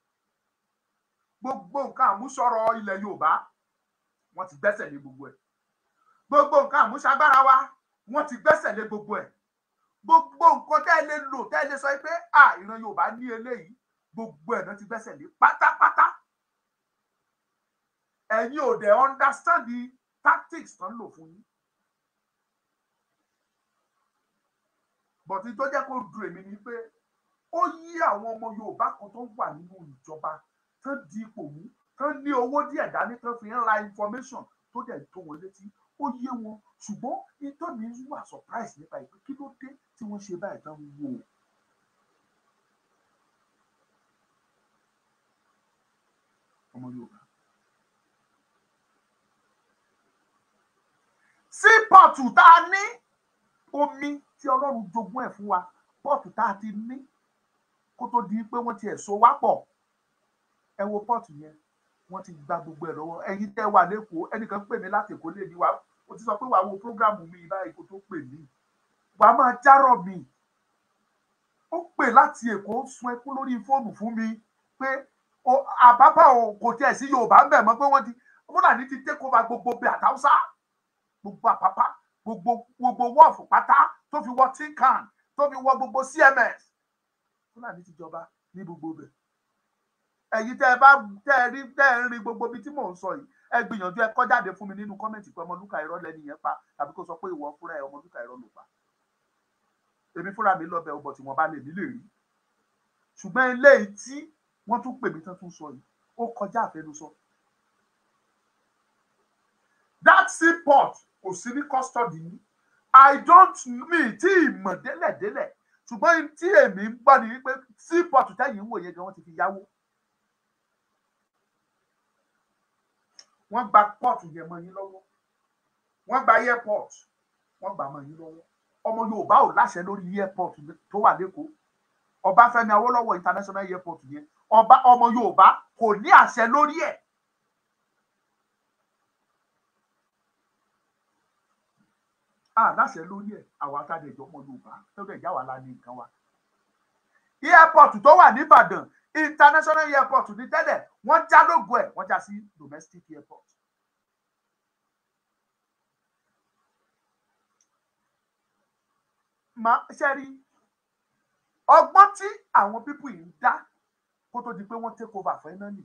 gbogbo nǹkan àmúṣọrọ̀ ilẹ̀ Yorùbá wọ́n ti gbẹ́sẹ̀ lé gbogbo ẹ̀ gbogbo nǹkan àmúṣagbára wa wọ́n ti gbẹ́sẹ̀ lé gbogbo ẹ̀ gbogbo nǹkan tẹ́ ẹ lè lò tẹ́ ẹ lè sọ pé à ìran Yorùbá ní eléyìí gbogbo ẹ̀ náà ti gbẹ́sẹ̀ lé pátápátá ẹ̀yin ò dẹ̀ understand the tactics tán lò fún yín bọ̀tí tó jẹ́ kó dùn èmi ni pé ó yí àwọn ọmọ Yorùbá kan tó wà nínú ìjọba tán di ipò mú tán ní owó díẹ̀ dání tán fi ń ra information tó dẹ̀ tó wọn létí ó yé wọn ṣùgbọ́n ìtọ́ni wà surprise nípa ìpè kí ló dé tí wọ́n ṣe báyìí tán wò ó. ọmọ Yorùbá. sípọ̀tù tá a ní omi tí ọlọ́run jogún ẹ̀ fún wa pọ́ọ̀tù tá a ti ní kó tó di pé wọ́n ti ẹ̀ so wá pọ̀ ẹ wo pọ́ọ̀tù yẹn wọ́n ti gba gbogbo ẹ̀ lọ́wọ́ ẹ̀yin tẹ́ wà lẹ́kọ̀ọ́ ẹnìkan pè mí láti èkó lè ní wa mo ti sọ pé wàá wo prógráàmù mi báyìí kó tó pè mí wàá máa járọ̀ mi ó pè láti èkó sun ẹkún lórí fóònù fún mi pé àbábà ò kò tiẹ̀ sí yorùbá ń bẹ̀ mọ́ pé wọ́n ti fúlàní ti tẹ́kọ̀ọ́ gbogbo bẹ̀ àtàwùsá gbogbo àpápá gbogbo gbogbo wọ́ọ̀fù pátá tó fi wọ tincan tó fi wọ gbogbo cms fúlàní ti jọba ní gbogbo bẹ̀ ẹ̀yin tẹ́ ẹ bá tẹ́ ẹ rí tẹ́ ẹ rí gbogbo ibi tí mò ń sọ yìí ẹ gbìyànjú ẹ kọ jáde fún mi nínú kọ́mẹ̀ntì pé ọmọlúkà irọ́ lẹ́ni yẹn pa tàbí kó sọ pé ìwọ fúnra ẹ ọmọlúkà irọ́ ló pa èmi fúnra mi lọ bẹ̀ ọbọ tí wọn bá lè mí lè rí ṣùgbọ́n eléyìí tí wọ́n tún pè mí tán tún sọ yìí ó kọjá àfẹnusọ that seaport kò sí ní custody yìí i don't mi tí ìmọ̀ délẹ̀délẹ̀ ṣùgbọ́n tí èmi ń gbọ́ ni wípé sí pọ̀tù tẹ́yìn ń wò yẹn gan wọ́n ti fi yáwó wọ́n gba pọ́ọ̀tù yẹn mọ́ yín lọ́wọ́ wọ́n gba airport wọ́n gbà mọ́ yín lọ́wọ́ ọmọ yorùbá ò láṣẹ lórí airport tó wà lẹ́kọ̀ọ́ ọbáfẹ́mi awólọ́wọ̀ international airport yẹn ọba ọmọ yorùbá kò ní àṣẹ lórí ẹ̀ a láṣẹ lórí ẹ̀ àwa tá a dẹ̀ jọ ọmọ Yorùbá tó dẹ̀ já wa la ní nǹkan wa. airport tó wà nìbàdàn international airport ní tẹ́lẹ̀ wọ́n já lógo ẹ̀ wọ́n já sí domestic airport. máa ṣe rí ọgbọ́n tí àwọn pípù yìí ń dá kó tó di pé wọ́n take over for iná nì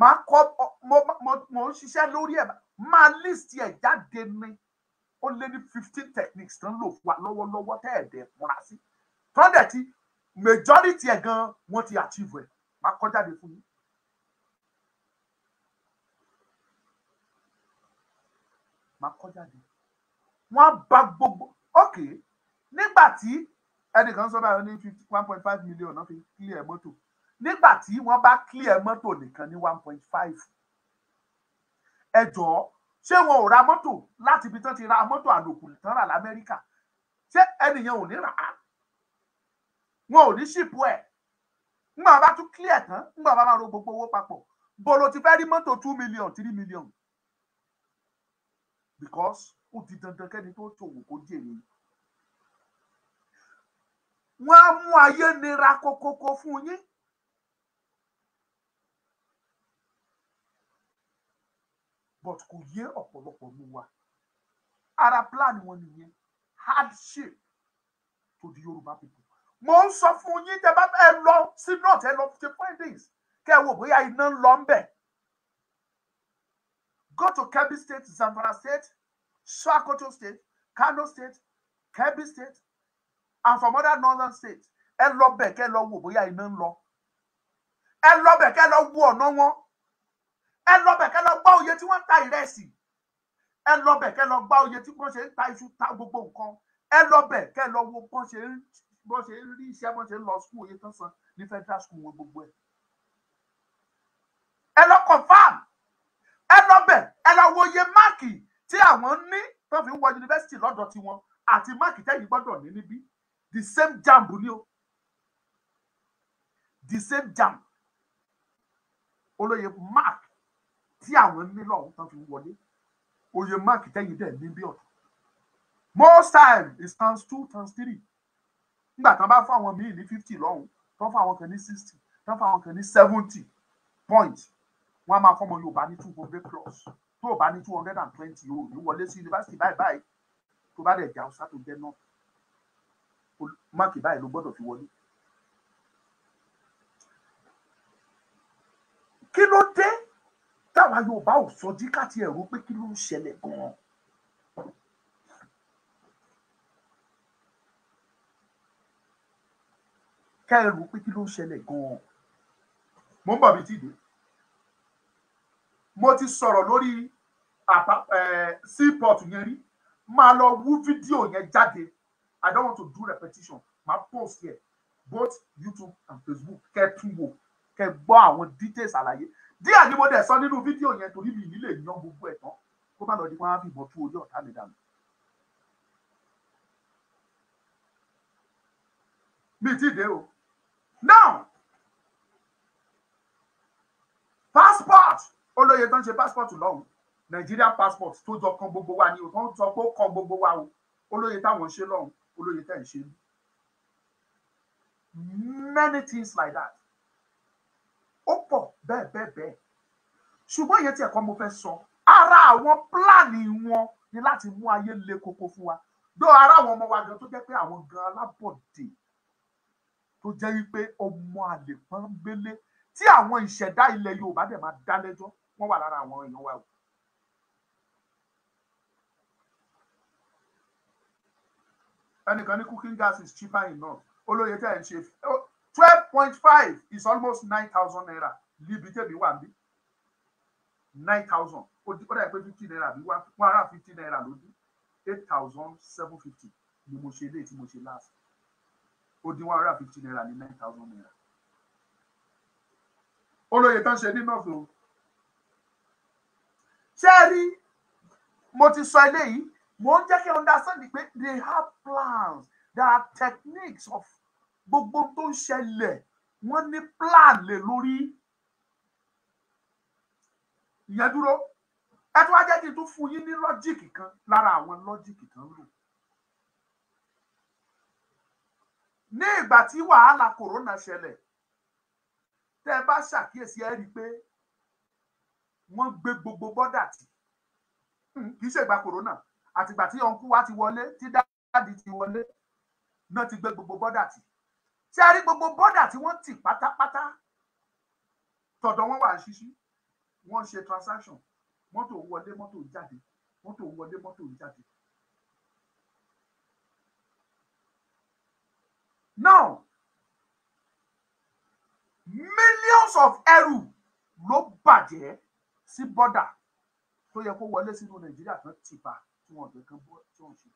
máa kọ́ mo mo mo ń ṣiṣẹ́ lórí ẹ̀ máa list ẹ̀ jáde ni ó lé ní fifteen techniques tán lò fún wa lọ́wọ́lọ́wọ́ tẹ́ ẹ̀ dẹ̀ múra sí tán dẹ̀ majority ẹ̀ gan wọ́n ti achieve ẹ̀ máa kọ́ jáde fún yín. máa kọ́ jáde wọ́n á ba gbogbo ok nígbà tí ẹnìkan sọ báyọ̀ ní one point five million náà fi clear mọ́tò nígbà tí wọ́n bá clear mọ́tò nìkan ní one point five ẹ jọ̀ọ́ ṣé wọn ò ra mọ́tò láti ibi tán ti ra mọ́tò àlòkù tán rà lamẹ́ríkà ṣé ẹnìyàn ò ní rà á wọn ò ní ṣìpù ẹ̀ ńgbà bá tún clear tán ńgbà bá máa ro gbogbo owó papọ̀ bolo ti fẹ́ rí mọ́tò two million three million because ó di dandan kẹ́ni tó tòwò kó jèrè wọn á mú ayé nira kókókó fún yín but kò yé ọ̀pọ̀lọpọ̀ mú wa ara plan wọn nìyẹn hardship to the Yorùbá people mo ń sọ fún yín tẹ bá ẹ lọ sí north ẹ lọ fifty findings kẹ ẹ wò bóyá iná ń lọ ńbẹ go to Kebbi State Zamfara State Sokoto State Kano State Kebbi State and from other northern states ẹ lọ bẹ kẹ ẹ lọ wò bóyá iná ń lọ ẹ lọ bẹ kẹ ẹ lọ wo ọ̀nà wọn ẹ lọbẹ̀ kẹ́ lọ gbọ́ oye tí wọ́n ń ta ìrẹsì ẹ lọbẹ̀ kẹ́ lọ gbọ́ oye tí wọ́n ṣe ń ta iṣu ta gbogbo nǹkan ẹ lọbẹ̀ kẹ́ lọ wo bọ́n ṣe ń bọ́n ṣe ń rí iṣẹ́ bọ́n ṣe ń lọ skul oye tán san ní federal school wọn gbogbo ẹ̀ ẹ lọ confam ẹ lọbẹ̀ ẹ lọ wo iye máàkì tí àwọn ní tó fi ń wọ yunifásitì lọ́dọ̀ tiwọn àti máàkì tẹ́yìn gbọ́dọ̀ ní níbí the same jamb ni o the same jamb olóye mark tí àwọn ní lọ́hún tán fi wọlé oyè máàkì tẹ́yìn dẹ̀ ní bí ọ̀tún most time is times two times three nígbà tán bá fún àwọn míì ní fifty lọ́hún tán fún àwọn kan ní sixty tán fún àwọn kan ní seventy point wọn a máa fọmọ Yorùbá ní two hundred plus tó o bá ní two hundred and twenty o ní wọlé sí yunifásitì báyìí báyìí tó bá dẹ̀ jà ọ̀sá tó jẹ́ náà máàkì báyìí ló gbọ́dọ̀ fi wọlé. kí ló dé táwa Yorùbá ò sọjí káti ẹ̀rọ pé kí ló ń ṣẹlẹ̀ gan-an. ká ẹ rò pé kí ló ń ṣẹlẹ̀ gan-an. mo ń bọ̀ bí tìde. mo ti sọ̀rọ̀ lórí seaport yẹn rí máa lọ wú fídíò yẹn jáde i don't want to do repetition Ma post yẹ both youtube and facebook kẹ́ tún wò kẹ́ gbọ́ àwọn details àlàyé díẹ̀ ni mo dẹ̀ sọ nínú fídíò yẹn torí mi nílé yan gbogbo ẹ̀ tán kó má lọ di wọn á fìbọn tú orí ọ̀tá mi dànù. mi ti dé o now passport olóye tó ń ṣe passport lọ́hùn Nigerian passport tó jọ kan gbogbo wa ni o tó ń sọ pé ó kan gbogbo wa o olóye táwọn ṣe lọ́hùn olóye tẹ̀ ń ṣe many things like that ó pọ̀ bẹ́ẹ̀ bẹ́ẹ̀ bẹ́ẹ̀ ṣùgbọ́n ìyẹn tí ẹ̀kọ́ mo fẹ́ sọ ara àwọn pílánì wọn ni láti mú ayé le koko fún wa gbọ ara àwọn ọmọ wa gan tó jẹ́ pé àwọn gan alábọ̀dé tó jẹ́ wípé ọmọ àlè pọ́nbélé tí àwọn ìṣẹ̀dá ilẹ̀ Yorùbá dẹ̀ máa dá lẹ́jọ́ wọ́n wà lára àwọn èèyàn wa ẹnìkan ní cooking gas is cheaper enough olóye tẹ́ ẹ̀ ń ṣe twelve point five is almost nine thousand naira libi tẹ̀mí wà níbí nine thousand ó dà pé fifty naira bí one hundred fifty naira ló dín eight thousand seven fifty ni mo ṣe lé tí mo ṣe last ó dín one hundred fifty naira ní nine thousand naira olóye tán ṣe ní north o ṣé ẹ rí mo ti sọ eléyìí mo ń jẹ́ kí understand pé they have plans there are techniques of gbogbo tó ń ṣẹlẹ̀ wọ́n ní plan lè lórí ìyẹn dúró ẹ tún wá jẹ́ kí n tún fún yín ní lọ́jíìkì kan lára àwọn lọ́jíìkì kan lò ní ìgbà tí wàhálà kòrónà ṣẹlẹ̀ tẹ́ ẹ bá ṣàkíyèsí ẹ rí i pé wọ́n gbé gbogbo bọ́dà tì hmm, kì í ṣègbà kòrónà àtìgbà tí ọ̀nkú wa ti wọlé tí dáàdì ti wọlé náà ti gbé gbogbo bọ́dà tì ṣe rí gbogbo bọ́dà tí wọ́n tì pátápátá tọ̀dọ̀ wọn wà ṣíṣí wọ́n ṣe transaction mọ́tò wọlé mọ́tò jáde mọ́tò wọlé mọ́tò jáde. now millions of ẹrù ló bàjẹ́ sí bọ́dà tó yẹ kó wọlé sínú nàìjíríà kan tìpa tí wọ́n ọ̀dọ́ kan bọ́ tí wọ́n ṣe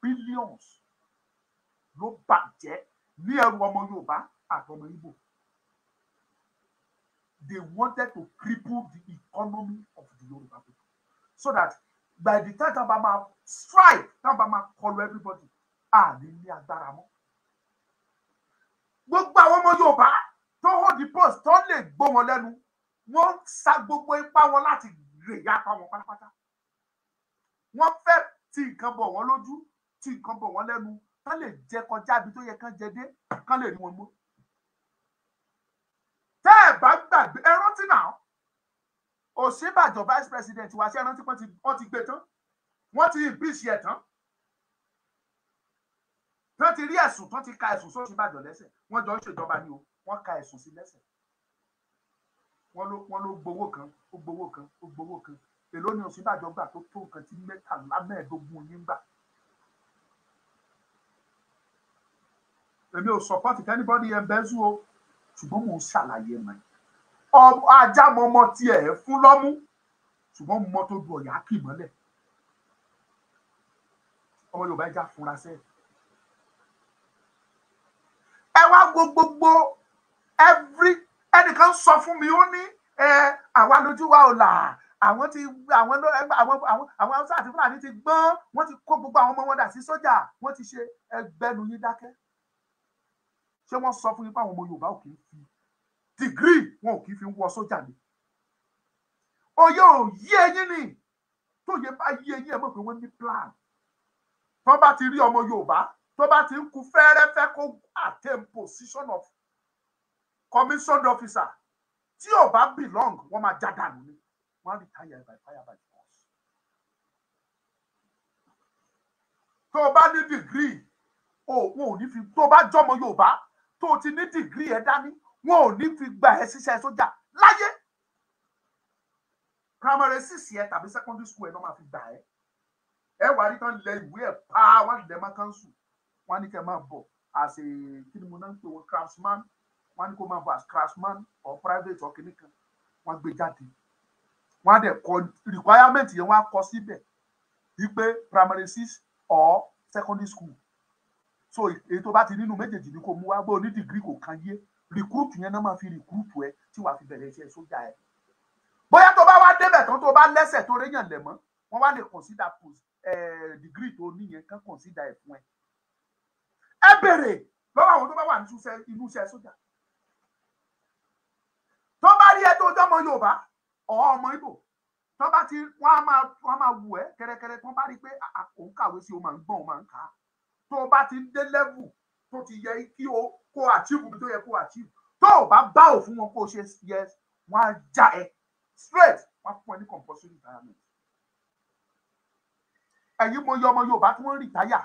billions ló bàjẹ́ ní ẹrù ọmọ Yorùbá àtọmọ Igbo they wanted to cripple the economy of the Yorùbá people so that by the time tábà máa strike tábà máa kọlu everybody àní ní agbára mọ́ gbogbo àwọn ọmọ Yorùbá tó hold the post tó lè gbó wọn lẹ́nu wọ́n sa gbogbo ipá wọn láti rè ya pa wọn pátápátá wọ́n fẹ́ ti nǹkan bọ̀ wọ́n lójú ti nǹkan bọ̀ wọ́n lẹ́nu kán lè jẹ kọjá ibi tó yẹ kán jẹ dé kán lè rí wọn mú. tẹ́ ẹ̀ bá gbàgbé ẹ rántí náà Ọ̀ṣínbàjò vice president wa ṣe rántí pé wọ́n ti gbé tán wọ́n ti bíṣì ẹ̀ tán tán ti rí ẹ̀sùn tán ti ka ẹ̀sùn s'Ọ̀ṣínbàjò lẹ́sẹ̀ wọ́n jọ ń ṣèjọba ni o wọ́n ka ẹ̀sùn sí lẹ́sẹ̀ wọ́n ló wọ́n ló gbowó kan ó gbowó kan ó gbowó kan èló ni Ọ̀ṣínbàjò gbà tó tó nǹkan tí mẹ́tàlá mẹ́ẹ̀ẹ́dógún yín gbà èmi ò support kí anybody embezzle o ṣùgbọ́n mò ń ṣàlàyé mọ́ ẹ ajámọmọ tiẹ̀ fún lọ́mú ṣùgbọ́n mo mọ tó du ọ̀yà kì mọ́lẹ̀ ọmọ Yorùbá ẹja funra sẹ́ẹ̀ ẹ wá gbogbogbò every ẹnìkan sọ fún mi ó ní àwa lójú wa ò là àwọn ti àwọn àwọn àwọn àwọn Haúsá àti Fúlàní ti gbọ́n wọ́n ti kó gbogbo àwọn ọmọ wọn dà sí sójà wọ́n ti ṣe ẹgbẹ́nu yín dákẹ́ ṣé wọ́n sọ fún yín pé àwọn ọmọ Yorùbá ò kì í fi dìgírì wọn ò kì í fi wọ sójà ni oyè ò yí ẹyin ni tó yẹ bá yí ẹyin ẹ mọ̀ pé wọ́n ní plan tó bá ti rí ọmọ Yorùbá tó bá ti ń kú fẹ́ẹ́rẹ́fẹ́ kó attain position of commission officer tí ò bá belong wọ́n máa já dànù ni wọ́n á retire by fire by force. tó o bá ní dìgírì o ò ní fi tó o bá jọmọ Yorùbá tó o ti ní dìgírì ẹ dání wọn ò ní fi gba ẹ ṣiṣẹ́ sójà láyé primary six yẹ tàbí secondary school ẹ náà máa fi gbà ẹ ẹ wà á rí tán lẹ ìwé ẹ pa wọn lẹ má kánṣu wọn ní kẹ máa bọ̀ as a kí ni mo náà ń pè wọn craftsman wọn ní kó máa bọ̀ as craftsman or private or kìnìkan wọn gbé jáde wọn á dẹ kọ requirement yẹn wọn á kọ síbẹ̀ wípé primary six or secondary school so èyí tó bá ti nínú méjèèjì ni kò mú wá bó ní dìgírì kò kan yé rìkúrútù yẹn náà máa fi rìkúrútù ẹ tí wàá fi bẹ̀rẹ̀ iṣẹ́ sójà ẹ bóyá tó bá wá débẹ̀ tán tó bá lẹ́sẹ̀ tó réyàn lẹ̀ mọ́ wọ́n wá lè kọ̀nsídà dìgírì tó níyẹn kán kọ̀nsídà ẹ̀ fún ẹ ẹ bèrè lọ́wọ́ àwọn tó bá wà ní inú iṣẹ́ sójà tó bá rí ẹ tó jọmọ Yorùbá ọ̀ ọmọ Ìgbò tó bá ti wọ́n á máa wù ẹ́ kẹ́rẹ́kẹ́rẹ́ tó bá rí pé òun kàwé sí o máa ń gbọ́n o máa ń kà á tó o bá ti dé lẹ́vù tó ti yẹ kí o kó àchíìfù tó yẹ kó àchíìfù tó o bá bá òfin wọn kó o ṣe yẹ wọn á já ẹ straight wọn á fún ẹ ní compulsory retirement. ẹ̀yin mo yọ ọmọ Yorùbá tí wọ́n rìtáyà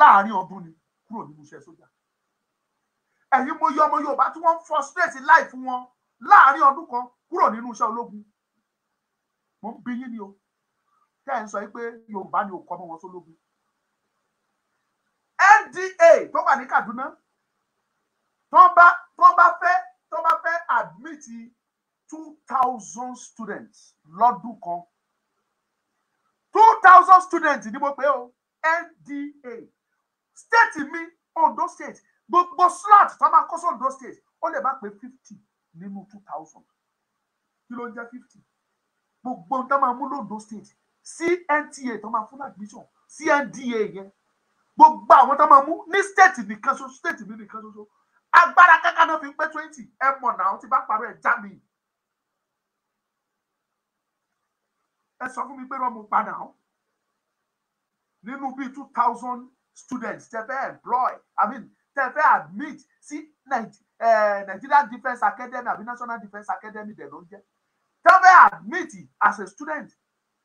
láàrin ọdún ni kúrò nínú iṣẹ́ sójà ẹ̀yin mo yọ ọmọ Yorùbá tí wọ́n frustrate life wọn láàrin ọdún kan kúrò nínú iṣẹ́ ológun mo ń bí yín ni o kẹ́ ẹ̀ ń sọ pé Yorùbá ni ò kọ́ ọmọ wọn sólógun nda tó wà ní Kaduna tó bá tó bá fẹ́ tó bá fẹ́ admit two thousand students lọ́dún kan two thousand students ni mo pè o nda state mi Ondo state gbogbo slot tó máa kó sóńdó state ó lè má pé fifty nínú two thousand kí ló ń jẹ́ fifty gbogbo tó máa mú lóńdó state cnta tó máa fún admission cnda yẹn gbogbo àwọn tó máa mú ní state nìkan ṣoṣo stéètì mi nìkan ṣoṣo agbára kankan náà fi pé twenty ẹ mọ̀ náà ti bá parọ́ ẹ̀ já mi. ẹ sọ fún mi pé rọ́ọ̀mù padà ó nínú bíi two thousand students tẹ fẹ́ employ i mean tẹ fẹ́ admit sí eh, Nigeria Defence Academy àbí National Defence Academy dẹ̀ ló ń jẹ́ tẹ fẹ́ admit as a student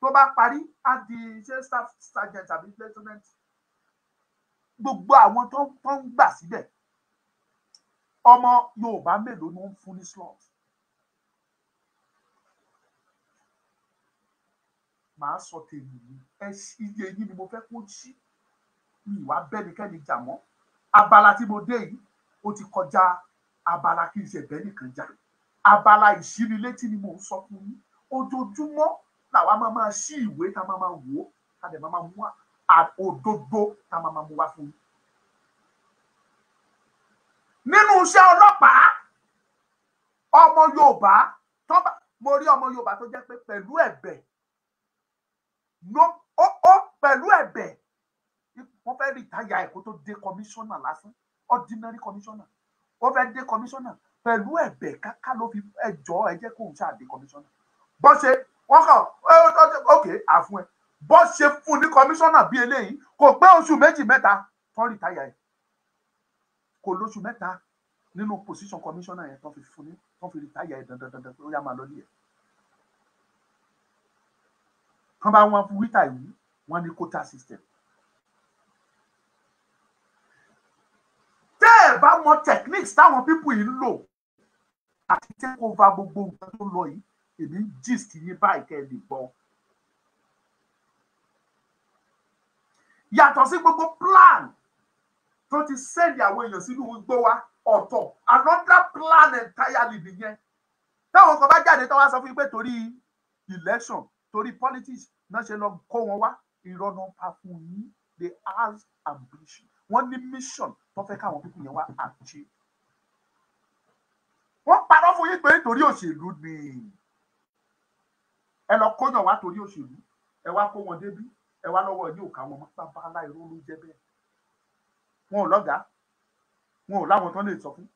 tó bá parí at the ṣe staff sergeant àbí lieutenant gbogbo àwọn tó ń gbà síbẹ̀ ọmọ Yorùbá mélòó ló ń fún ní slot màá sọ tèmi yìí ẹ iye yìí ni mo fẹ́ kó jí mi ìwà bẹ́nikẹ́ni jà mọ́ abala tí mo dé yìí ó ti kọjá abala kí n ṣe bẹ́nìkan jà abala ìṣínilétí ni mo ń sọ fún yín ojoojúmọ́ làwa máa máa ṣí ìwé tá a máa máa wò ó ká dẹ̀ máa máa mú àpò òdodo tá a máa mú wá fún yín. nínú iṣẹ́ ọlọ́pàá ọmọ Yorùbá tọ́ba mo rí ọmọ Yorùbá tó jẹ́ pé pẹ̀lú ẹ̀bẹ̀ ó pẹ̀lú ẹ̀bẹ̀ wọ́n fẹ́ rí ìtajà ẹ̀kọ́ tó dé kọmíṣánná lásán ordinary kọmíṣánná wọ́n fẹ́ dé kọmíṣánná pẹ̀lú ẹ̀bẹ̀ káká ló fi ẹjọ́ ẹ jẹ́ kóun ṣáà dé kọmíṣánná bọ́sẹ̀ wọ́n kàn ókè àfún ẹ bó ṣe fún ní kọmíṣánná bíi eléyìí kò pé oṣù méjì mẹ́ta tán rìtáyà ẹ̀ kò lóṣù mẹ́ta nínú pòsíṣàn kọmíṣánná yẹn tán fi fún ní tán fi rìtáyà ẹ̀ dandandandan pé ó yá máa lọ lé ẹ̀. kán bá wọn fún wíta ìwú wọn ní quota system. tẹ́ ẹ̀ bá mọ techniques táwọn pípù yìí ń lò àti take over gbogbo nǹkan tó lọ yìí èmi gist yín báyìí kẹ́ ẹ lè gbọ́. yàtọ̀ sí gbogbo plan tó ti sẹ́ndì àwọn èèyàn sínú igbó wa ọ̀tọ̀ another plan entirely nìyẹn táwọn kan bá jáde táwọn sọ fún yín pé torí election torí politics náà ṣe lọ kó wọn wá ìrọ̀nà pa fún yín they have ambition wọ́n ní mission tó fẹ́ káwọn pípín yẹn wá achieve wọ́n parọ́ fún yín pé nítorí òṣèlú ni ẹ lọ kóyàn wá torí òṣèlú ẹ wá kó wọn débí ẹ wá lọ́wọ́ yóò ká wọn bàbá aláìró ló jẹ́ bẹ́ẹ̀ wọn ò lọ́gàá wọn ò láwọn tán lè sọ fún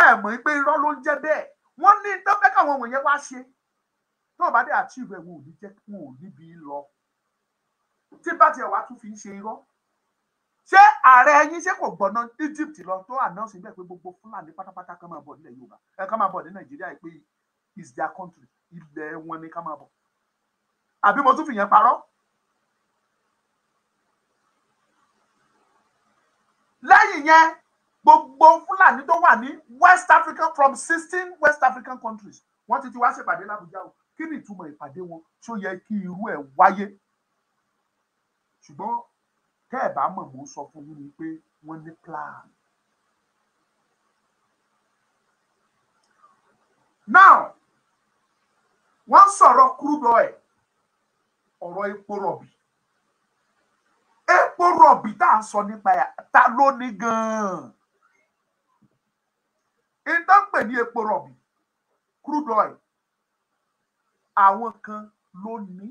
ẹ mọ̀ pé irọ́ ló ń jẹ́ bẹ́ẹ̀ wọ́n ní tọ́pẹ́ káwọn wọ̀nyẹn wá ṣe tó o bá dé àtìwé ẹ̀ wọn ò ní jẹ́ wọn ò níbi lọ tí bá tiẹ̀ wá tún fi ń ṣe irọ́ ṣé ààrẹ yín ṣé kò gbọ́ná Egypt lọ tó ànáǹsì bẹ́ẹ̀ pé gbogbo Fúlàní pátápátá kan máa bọ̀ nílẹ̀ Yorùbá ẹ kan máa bọ̀ ní Nàìjíríà pé is their country ilẹ̀ wọn ni kan máa bọ̀ àbí mo tún fìyẹn parọ́. lẹ́yìn yẹn gbogbo fúlàní tó wà ní west african from sixteen west african countries wọ́n ti ti wá ṣèpàdé làbújá o kí ni ìtumọ̀ ìpàdé wọn tí ó yẹ kí irú ẹ̀ wáyé ṣùgbọ́n tẹ́ ẹ̀ bá mọ̀ mò ń sọ fún yín ni pé wọ́n ní plan. now wọ́n sọ̀rọ̀ crude oil ọ̀rọ̀ epo rọ̀bì epo rọ̀bì tá à sọ nípa ẹ̀ ta ló ní gan-an ìtàn pè ní epo rọ̀bì crude oil àwọn kan ló ní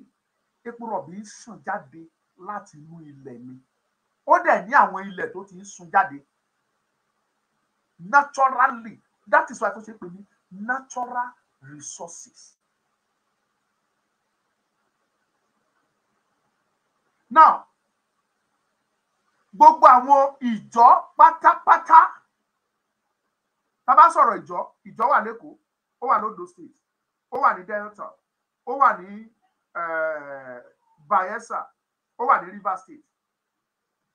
epo rọ̀bì ń sàn jáde láti inú ilẹ̀ mi ó dẹ̀ ní àwọn ilẹ̀ tó ti ń sun jáde naturally that is why tó ṣe pè ní natural resources now gbogbo àwọn ìjọ pátápátá tá a bá sọ̀rọ̀ ìjọ ìjọ wà lẹ́kọ̀ọ́ ó wà lódò state ó wà ní delta ó wà ní eh, bayelsa ó wà ní rivers state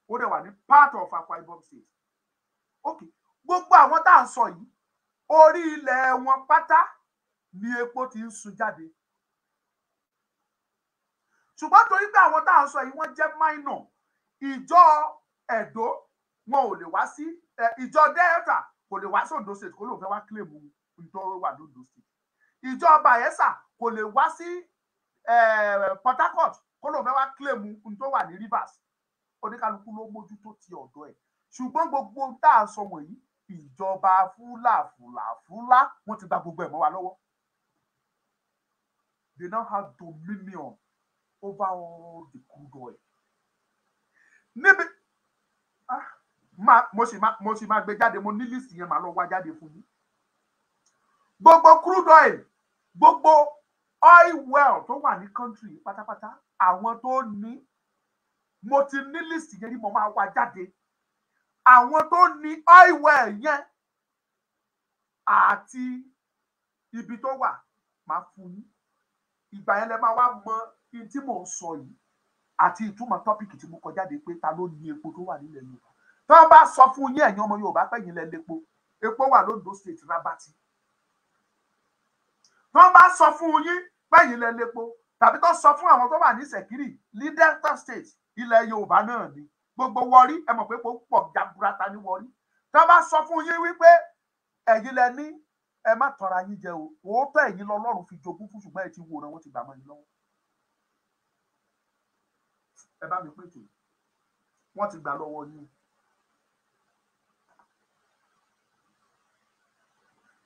ó dẹ̀ wà ní part of akwa ibom state ok gbogbo àwọn tá à ń sọ yìí orí ilẹ̀ wọn pátá ni epo ti ń sun jáde ṣùgbọ́n torí pé àwọn tá à ń sọ yìí wọ́n jẹ́ minor ìjọ Ẹ̀dó wọn ò lè wá sí ìjọ Delta kò lè wá sí Ondo state kó lóun fẹ́ wá claim ìdánwò wà lóńdó state ìjọ Bayelsa kò lè wá sí Port Harcourt kó lóun fẹ́ wá claim ìdánwò wà ní Rivers oníkálukú ló mójútó ti ọ̀dọ̀ ẹ̀ ṣùgbọ́n gbogbo tá à ń sọ wọ̀nyí ìjọba fúlàfúlàfúlà wọ́n ti gba gbogbo ẹ̀ mọ́ wa lọ́wọ́ they now have dominion over all the crude oil níbi ah, mo sì máa mo sì máa gbé jáde mo ní lísì yẹn màá lọ wá jáde fún mi gbogbo crude oil gbogbo oil well tó wà ní country pátápátá àwọn tó ní mo ti ní lísì yẹn ni mo máa wá jáde àwọn tó ní oil well yẹn àti ibi tó wà máa fún yín ìgbà yẹn lẹ máa wá mọ n tí mò ń sọ yìí àti ìtumọ̀ tọ́pìkì tí mo kọ jáde pé ta ló ní epo tó wà nílẹ̀ yorùbá tó bá sọ fún yín ẹ̀yin ọmọ yorùbá pẹ̀yìn lẹ lépo epo wà lóńdó state rabati tó bá sọ fún yín pẹ̀yìn lẹ lépo tàbí tó sọ fún àwọn tó wà ní sẹ̀kírì ní delta state ilẹ̀ yorùbá náà ni gbogbo wọrí ẹ mọ̀ pé epo pọ̀ jaburata ní wọrí tó bá sọ fún yín wípé ẹ̀yin lẹ ní ẹ má tọra yín jẹ o òótọ́ ẹ̀yin lọ́lọ́run fi jogún ẹ bá mi pètè wọ́n ti gbà lọ́wọ́ yín.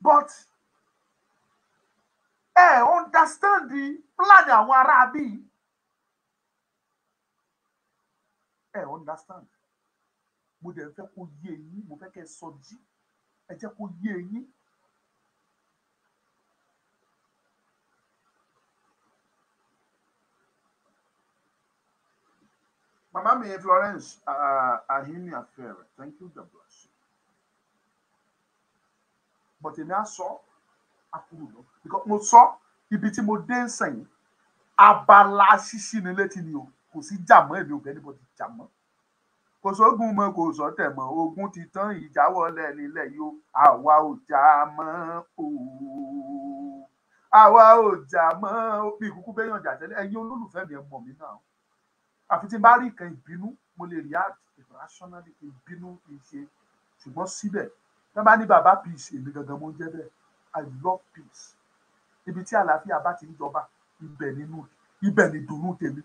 but ẹ eh, understand the plan àwọn ará bí ẹ eh, understand mo dẹ̀ fẹ́ kó yé yín mo fẹ́ kẹ́ ẹ sọ jí ẹ jẹ́ kó yé yín Mama me Florence uh, Ahini affair. thank you, God bless you. But èmi á sọ àkúrò lọ because mo sọ ibi tí mo dé sẹ́yìn abala ṣíṣí ni létí ni o kò sí jàmọ́ èmi ò bẹ́ẹ̀ níbo ti jàmọ́ kò sógun mọ́ kò sọ́tẹ̀ mọ́ ogun ti tán ìjáwọ́lẹ̀ nílẹ̀ yóò àwa ò já mọ́ òòó àwa ò já mọ́ bí ìkúkú bẹ́yàn jà tẹ́lẹ̀ ẹ̀yin olólùfẹ́ mi ẹ̀ mọ̀ mí náà àfi tí n bá rí nǹkan ìbínú mo lè react irrationally ìbínú kì ṣe ṣùgbọ́n síbẹ̀ tí wọ́n bá ní bàbá peace èmi gangan mo ń jẹ́ bẹ́ẹ̀ i love peace ibi tí àlàáfíà bá ti ń jọba ibẹ̀ nínú ibẹ̀ ni dùnú tèmi.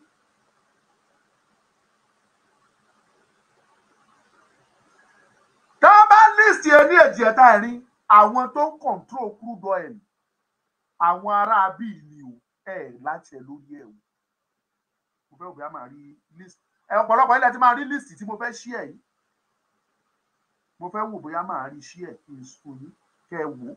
tá a bá list ẹni èjì ẹ̀ta ẹ̀rin àwọn tó ń control crude oil àwọn ará bíi ni o ẹ̀ láṣẹ lórí ẹ̀ o fẹ́ òbí a máa rí list ẹ ọ̀pọ̀lọpọ̀ ilẹ̀ tí máa rí list tí mo fẹ́ ṣí ẹ̀ yìí mo fẹ́ wò bóyá máa rí ṣí ẹ̀ kí n sùn yín kẹ́ ẹ wò ó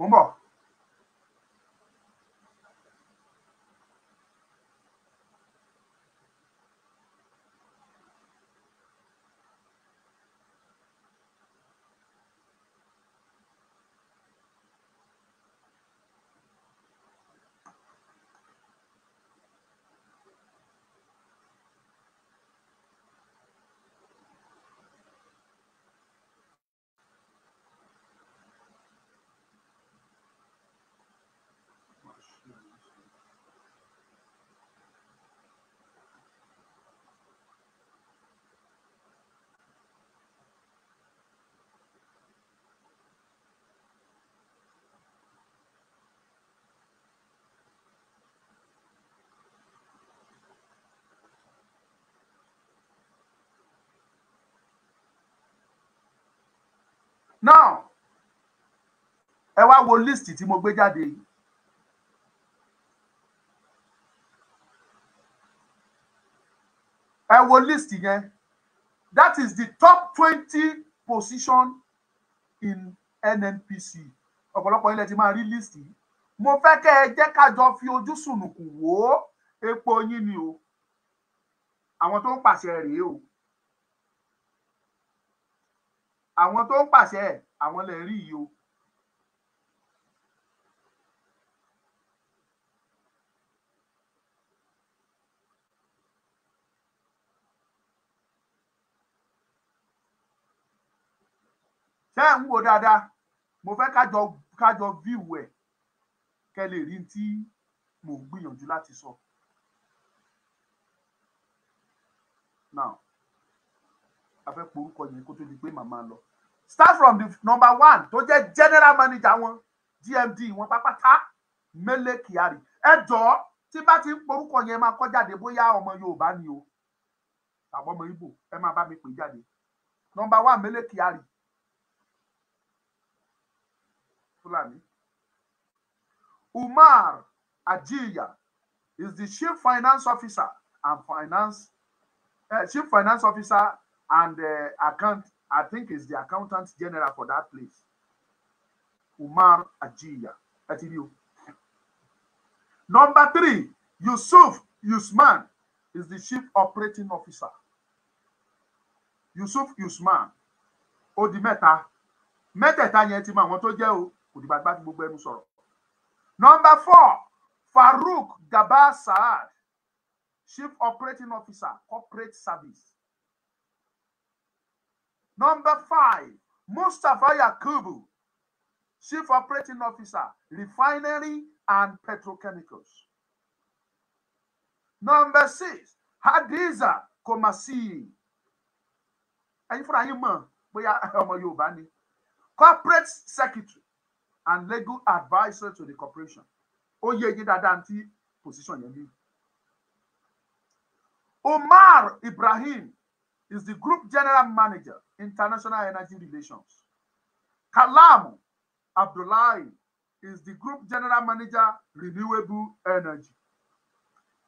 Vamos embora. now ẹ wá wo list tí mo gbé jáde yìí. ẹ wo list yẹn that is the top twenty position in NNPC ọ̀pọ̀lọpọ̀ ilẹ̀ ti máa rí list yìí mo fẹ́ kẹ́ ẹ jẹ́ ká jọ fi ojú sùnùkùn wò ó epo yín ni o àwọn tó ń pàṣẹ rèé o àwọn tó ń pàṣẹ àwọn lè rí yìí o. ṣé ẹ̀ ń wò dáadáa mo fẹ́ kájọ kájọ fíìwù ẹ̀ kẹ́ lè rí tí mò ń gbìyànjú láti sọ. now a fẹ́ porúkọ yẹn kó tó di pé màmá lọ start from the number one tó jẹ́ general manager wọn dmd wọn pápátá Mele Kyari ẹ jọ̀ọ́ tí bá ti ń porúkọ yẹn máa kọ jáde bóyá ọmọ Yorùbá ni o tàbí ọmọ Ìgbò ẹ máa bá mi pè jáde nọ́mbà wà Mele Kyari Fulani Umar Ajiya is the chief finance officer and finance uh, chief finance officer and uh, account I think is the accountant general for that place, Umar Ajiya. Number three, Yusuf Yusman is the chief operating officer. Yusuf Yusman ó di mẹ́ta mẹ́tẹ̀ẹ̀ta yẹn ti mọ àwọn tó jẹ́ o Number four, Farouk Gaba Saad, chief operating officer, corporate service. Number five, Mustafa Yakubu, Chief Operating Officer, Refinery and Petrochemicals. Number six, Hadiza Komasi. Ẹyin fúnra yín mọ̀ bóyá ọmọ Yorùbá ni. Corporate Secretary and Legal Advisor to the Corporation. Ó yé yín dáadáa tí position yẹn ní. Umar Ibrahim is the Group General Manager, International Energy Relations. Kalam Abdullahi is the Group General Manager, Renewable Energy.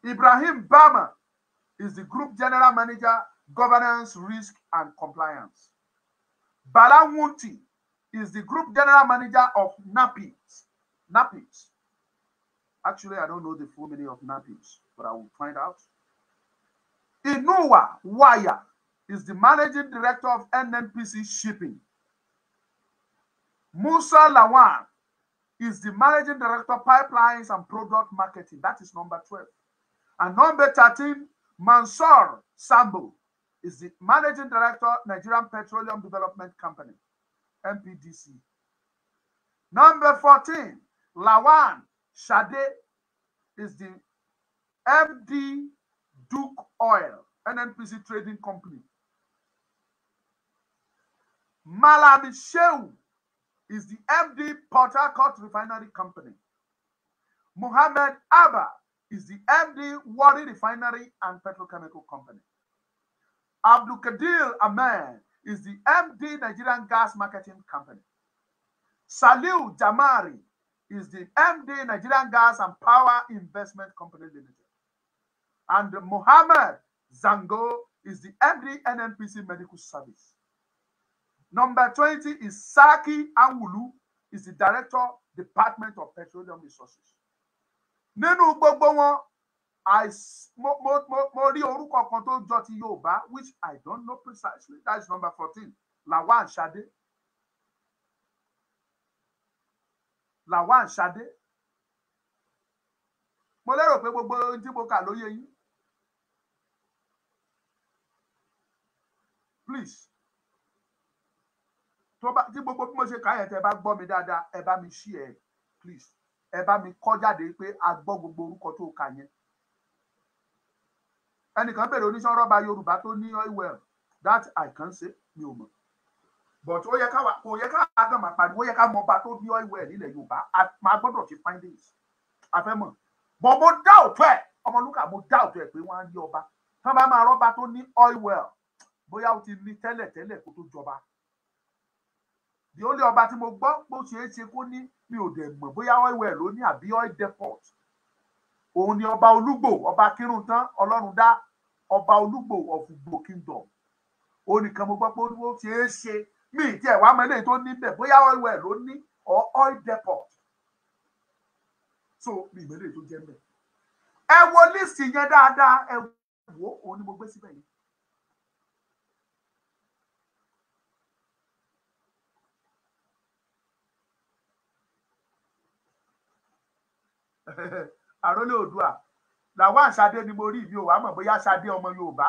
Ibrahim Bama is the Group General Manager, Governance, Risk and Compliance. Bala Wunti is the Group General Manager of NAPIT. NAPIT. Actually, I don't know the full meaning of NAPIT, but I will find out. Inuwa Waya is the managing director of NNPC Shipping. Musa Lawan is the managing director pipelines and product marketing. That is number 12. And number 13, Mansour Sambo is the managing director, Nigerian Petroleum Development Company, MPDC. Number 14, Lawan Shade is the MD Duke Oil, NNPC Trading Company. Malam Shehu is the MD Port Harcourt Refinery Company. Mohammed Abba is the MD Wadi Refinery and Petrochemical Company. Abdul Kadir Ahmed is the MD Nigerian Gas Marketing Company. Salil Jamari is the MD Nigerian Gas and Power Investment Company Limited. And Mohammed Zango is the MD NNPC Medical Service. Number 20 is Saki Awulu, is the director Department of Petroleum Resources. Nínú gbogbo wọn, I mo mo mo rí orúkọ kan tó jọ ti Yorùbá which I don't know precisely that is number fourteen Lawan Ṣadé. Lawan Ṣadé. Mo lérò pé gbogbo ohun tí mo kà ló yín. Please tó bá tí gbogbo bí mo ṣe kà á yẹn tẹ́ ẹ bá gbọ́ mi dáadáa ẹ bá mi ṣí ẹ please ẹ bá mi kọ jáde pé a gbọ́ gbogbo orúkọ tó kà yẹn ẹnìkan bèrè oníṣọrọba yorùbá tó ní oil well that i can say mi ò mọ̀ but ó yẹ ká wà kò yẹ ká àgàn máa pariwo ó yẹ ká mọ ọba tó ní oil well nílẹ̀ yorùbá máa gbọ́dọ̀ ti findings àfẹmọ but mo dá òtún ẹ ọmọlúkà mo dá òtún ẹ pé wọn á ní ọba tí wọn bá máa rọba tó ní oil well bóyá ó ti ní tẹ́lẹ̀ tẹ́lẹ̀ kó tó jọba the only ọba tí mo gbọ́ pé ó ṣeé ṣe kó ní mi ò dẹ̀ mọ̀ bóyá oil well ló ní àbí oil depot òun ni ọba olúgbò ọba kírúntán ọlọ́run dá ọba olúgbò of Ugbo kingdom ó nìkan mo gbọ́ pé ó ṣeé ṣe mí tí ẹ̀ wá mọ eléyìí tó ní bẹ̀ bóyá oil well ló ní or oil depot so mi ìmọ̀ eléyìí tó jẹ́ mẹ́ ẹ wo lísì yẹn dáadáa ẹ wo òun ni mo gbé síbẹ̀ yìí àrólé oòdùà làwọn àṣàdé ni mo rí mi ò wá mọ̀ bóyá ṣadé ọmọ yorùbá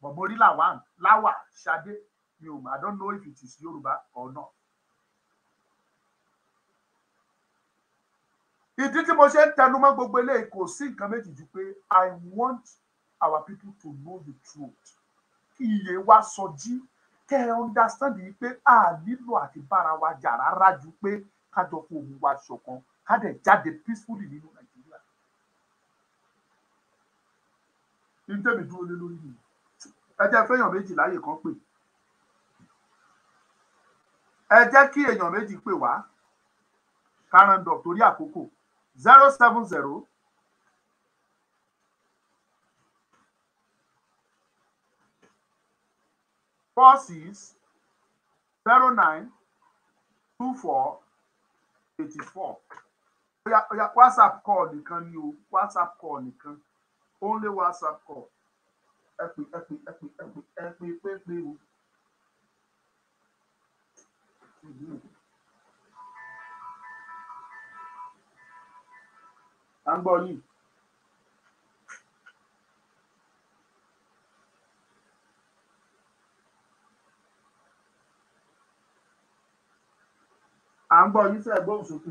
but mo rí làwọn láwà ṣadé mi ò mọ̀ i don't know if it is yorùbá or not. ìdí tí mo ṣe ń tẹnumọ́ gbogbo eléyìí kò sí nǹkan méjì ju pé i want our people to know the truth kí iye wa sọ jí kẹ́ ẹ understand yìí pé a nílò àti bára wa jà rárá ju pé ká jọ fún òun wa ṣọ̀kan ká dẹ̀ jáde peacefully nínú nàìjíríà ní tẹ́mi dúró lé lórí mi ẹ jẹ́ fẹ́yàn méjì láyè kan pè ẹ jẹ́ kí èèyàn méjì pè wá káràndọ̀ torí àkókò zero seven zero. four six zero nine two four eighty four oya whatsapp call nìkan ni o whatsapp call nìkan only whatsapp call ẹ pè ẹ pè ẹ pè ẹ pè ẹ pè pé pé o. à ń gbọ́ yìí. à ń gbọ́ yìí sẹ́ẹ̀ gbóhùn sókè.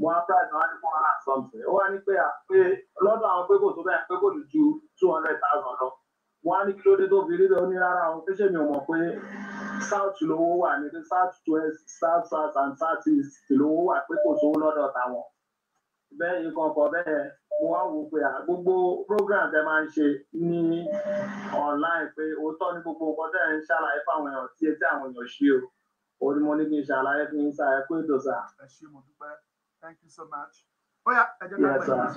mo á price wọn á ní four something ó wá ní pé ah, pé lọ́dọ̀ àwọn pé kò tó bẹ́ẹ̀ pé kò lè ju two hundred thousand lọ mo á ní kí ló dé tó fi rí bẹ́ẹ̀ ó ní rárá o péṣẹ́ mi ò mọ̀ pé south lówó wà ní pé south west south south and south east lówó wà pé kò sówó lọ́dọ̀ táwọn bẹ́ẹ̀ nǹkan kan bẹ́ẹ̀ mo wá wò pé ah, gbogbo program tẹ máa ń ṣe ní online pé òótọ́ ní gbogbo nǹkan tẹ̀ ń ṣàlàyé fáwọn èèyàn tí etí àwọn èèyàn ṣe o òun ni mo ní kí n ṣàlàyé fún yín sáà ẹ kú mo dúpẹ́ thank you so much Oh yeah, I jẹ́ ká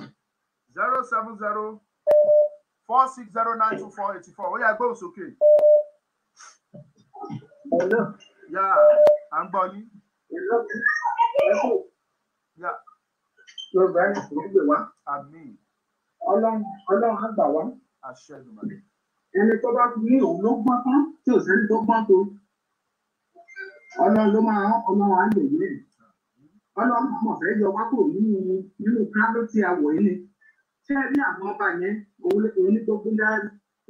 zero seven zero four six zero nine two four eighty four ó yá gbóhùn sókè. yá à ń gbọ́ yín. yá. You're ẹ̀ ń gbè wá. àmín. ọlọ́run How long? gbà wá. àṣẹ ìdùnnú ẹni tó bá ní òun ló gbọ́n tán tí ò sẹ́ni tó gbọ́n tó ọlọ́run ló máa ọlọ́run á lè yé ẹ̀ ọlọ́run ọmọ fẹ́ yọ wá kúrò nínú nínú kánló tí a wọ̀ yín ni ṣé ẹ ní àwọn ọba yẹn òun ní gbogbo dá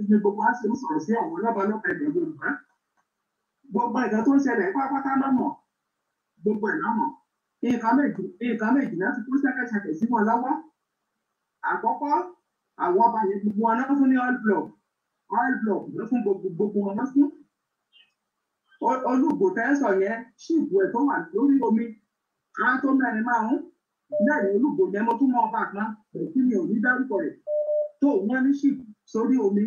ní gbogbo á sì ń sọ̀rọ̀ sí àwọn ọlọ́ba ọlọ́ba ẹ̀dẹ̀ Yorùbá gbogbo ìgbà tó ń ṣẹlẹ̀ pátápátá lọ́mọ̀ gbogbo ẹ̀ lọ́mọ̀ nǹkan méjì nǹkan méjì láti kú sẹ́kẹ̀sẹ̀kẹ̀ sí wọn lọ́wọ́ àkọ́kọ́ àwọn ọba yẹn gbogbo wọn lọ́fún ní all block all àwọn tó mẹ́rin márùn-ún mẹ́rin olúgbò yẹn mo tún mọ ọba kan tí mi ò ní dárúkọ rẹ̀ tó wọ́n ní ṣì sórí omi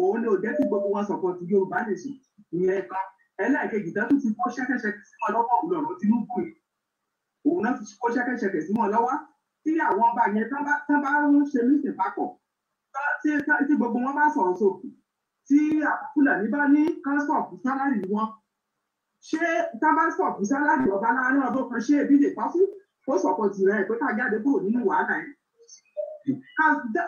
òun ni ò jẹ́ kí gbogbo wọn sọ̀kọ̀ ti Yorùbá lè sùn ìyẹn kan ẹlẹ́ẹ̀kejì tó tún ti kó ṣẹ́kẹ́ṣẹkẹ̀ sí wọn lọ́wọ́ òun lọ̀rọ̀ Tinubu yìí òun náà ti kó ṣẹ́kẹ́ṣẹkẹ̀ sí wọn lọ́wọ́ tí àwọn ọba yẹn tán bá ń ṣe mítìn papọ̀ tí gbogbo wọn bá sọ̀rọ̀ sókè tí Fúlàní bá ní council of wọn ṣé tábàsọ̀ ìṣáláàdì ọ̀gá láàrin ọdún kan ṣé ebi lè pa fún ó sọ̀kọ̀ jù rẹ̀ pé ká jáde kúrò nínú wàhálà yẹn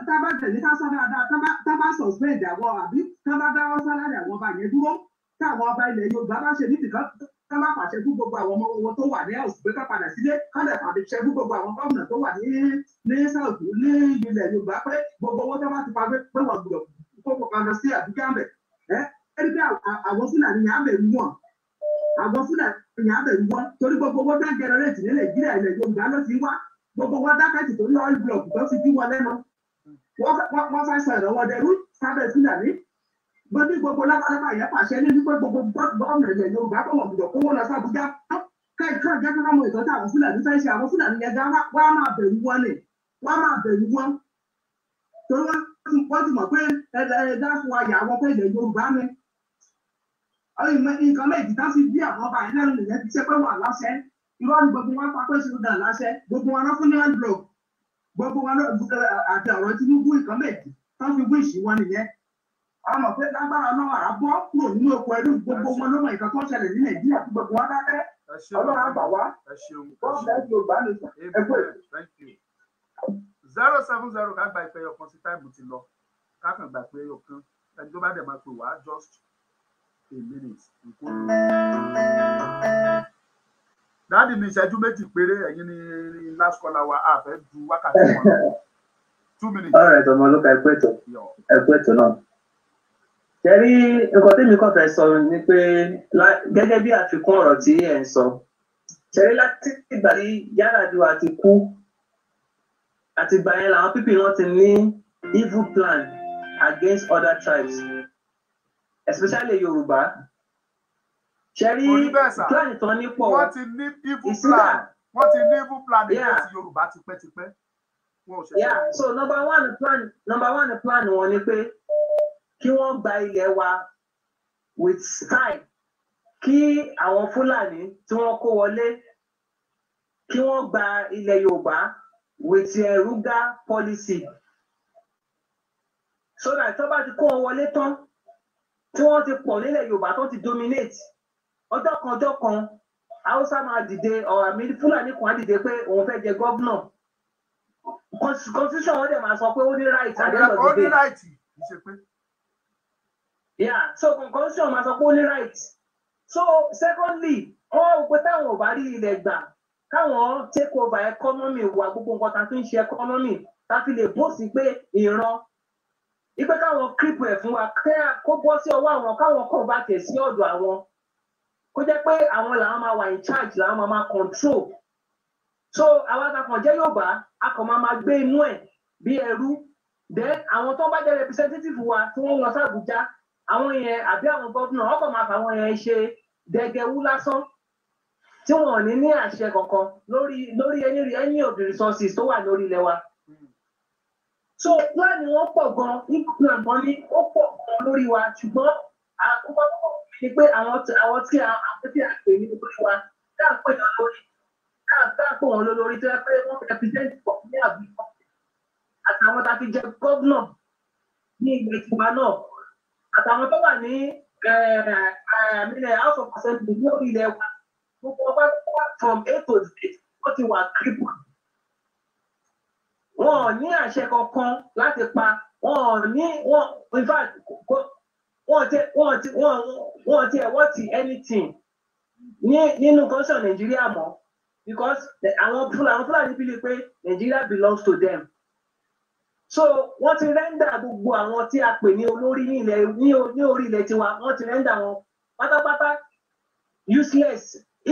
tábà tẹ̀lé ká sọ dáadáa tábà sọ̀spẹ̀ndì àwọn àbí tábà dáwọ́ sálárì àwọn ọba yẹn dúró táwọn ọba ilẹ̀ Yorùbá bá ṣe níbi kan tábà pàṣẹ fún gbogbo àwọn ọmọ wọn tó wà ní house pé ká padà sílé kálẹ̀ pàṣẹ fún gbogbo àwọn gómìnà tó wà ní ní south ní ilẹ̀ Yorùbá pé gbogbo owó tábà ti pa pé wọ́n gbọ́dọ̀ kó kó kan lọ sí àdúgbò àmẹ́ ẹ́ ẹ́ àwọn fúlàní abẹ̀rù wọn torí gbogbo owó tó ń jẹrẹrẹ́tì ní nàìjíríà ilẹ̀ yorùbá ló ti wá gbogbo wọn dákàtì torí oil block tó fi dí wọn lẹ́nu wọ́n fẹ́ sọ ìrànwọ́ dẹrú sábẹ́ fúlàní wọ́n ní gbogbo lápálápá yẹn pàṣẹ ní wípé gbogbo gómìnà ilẹ̀ yorùbá kọ́ wọ́n gbọdọ̀ kówó lọ sábújá káìkọ́ ìjẹ́ fún àwọn ìtọ́ta àwọn fúlàní fẹ́ ṣe àwọn fúlàní yẹn gan wá máa bẹ̀rù wọn ni wá máa bẹ̀rù wọn torí wọ́n ti mọ̀ pé ẹ̀ẹ́dá fún ayà àwọn pé ilẹ̀ yorùbá ni àwọn ìmọ̀ nǹkan méjì tá sí bí àwọn ọba yẹn lẹ́nu nìyẹn ti ṣe pé wà láṣẹ irọ́ ni gbogbo wa pa pé ṣe dàn láṣẹ gbogbo wa náà fún ní hand blow gbogbo wa náà àti ọ̀rọ̀ Tinubu nǹkan méjì tó fi bú ìṣìwọ́n nìyẹn àmọ́ pé lágbára náà àá bọ́ kúrò nínú oko ẹlú gbogbo wọn ló mọ tó ṣẹlẹ̀ ní Nàìjíríà tí gbogbo wa dákẹ́ Ọlọ́run àgbà wá zero seven a minute. dáàdì mi ìṣẹ́jú méjì péré ẹ̀yin ni last caller wa a fẹ́ ju wákàtí wọn two minutes. ọ̀rọ̀ ẹ̀tọ́ ọmọ olóka ẹ̀kú ẹ̀tọ́ ẹ̀kú ẹ̀tọ́ náà. tẹ̀rí nǹkan tẹ́mi kàn fẹ́ sọ ni pé gẹ́gẹ́ bí àfikún ọ̀rọ̀ tí ẹ̀ ń sọ tẹ̀rí láti ìgbà tí Yar'Adua ti kú àtìgbà yẹn làwọn pípì náà ti ní evil plan against other tribes especially Yoruba. ṣẹ́rí plan tán nípò wọ́n ti ní evil plan wọ́n ti ní evil plan against yorùbá tipẹ́tipẹ́. yeah so number one plan number one plan wọn ni pé kí wọ́n gba ilẹ̀ wa with style kí àwọn fúlàní tí wọ́n kó wọlé kí wọ́n gba ilẹ̀ yorùbá with a ruga policy so that tó bá ti kó wọn wọlé tán tí wọ́n ti pọ̀ nílẹ̀ yorùbá tó ti dominate ọjọ́ kan ọjọ́ kan haúsá máa dìde ọ̀rọ̀ àmì fúlàní kan á dìde pé òun fẹ́ jẹ gọ́vnà constitution wọn dẹ̀ máa sọ pé ó ní right àdéhùn ọ̀dìdè. ó yeah so constitution máa sọ pé ó ní right so secondly wọn ò pé táwọn ò bá rí ilẹ̀ gbà káwọn take over economy wa gbogbo nǹkan tá a fi ń ṣe economy tá a fi lè bó sí pé ìran ipe káwọn kírípù ẹ̀ fún wa kó bọ́ sí ọwọ́ àwọn káwọn kàn bá tẹ̀ sí ọ̀dọ̀ àwọn kó jẹ́ pé àwọn làwọn máa wà in charge làwọn máa máa control so àwọn atakàn jẹ́ Yorùbá a kàn máa máa gbé inú ẹ̀ bí ẹrú then àwọn tó bá jẹ́ representative wa tí wọ́n lọ sí Àbújá àwọn yẹn àbí àwọn gómìnà ọkọ̀ máa fà wọ́n yẹn ṣe dẹ́gẹ́wú lásán tí wọ́n ò ní ní àṣẹ kankan lórí lórí any of the resources tó wà lórí ilẹ̀ wa so pílánì wọn pọ̀ gan ní plan mọ́lí ó pọ̀ gan lórí wa ṣùgbọ́n àkókò ni pé àwọn tí àwọn tí a pè ní olórí wa tá à ń pè ní olórí tá à ń pè wọn lórí tó yẹ pé wọn rẹpítẹ́ǹtì pọ̀ ní àbúrò àtàwọn tá a ti jẹ gómìnà ní ilẹ̀ ìgbà náà àtàwọn tó wà ní àmìlẹ̀ eh, eh, house of assembly ní orí ilẹ̀ wa gbogbo ọba from a to z wọ́n ti wà crippled wọn ò ní àṣẹ kankan láti pa wọn ò ní wọn in fact wọn ti wọn ti wọn wọn ti ẹwọ ti anything ní nínú constitution Nàìjíríà mọ́ because àwọn Fúlàní Fúlàní bíi pé Nàìjíríà belongs to them so wọ́n ti rẹ́ńdà gbogbo àwọn tí a pè ní olórí ní ilẹ̀ ní orí ilẹ̀ tiwa wọ́n ti rẹ́ńdà wọn pátápátá useless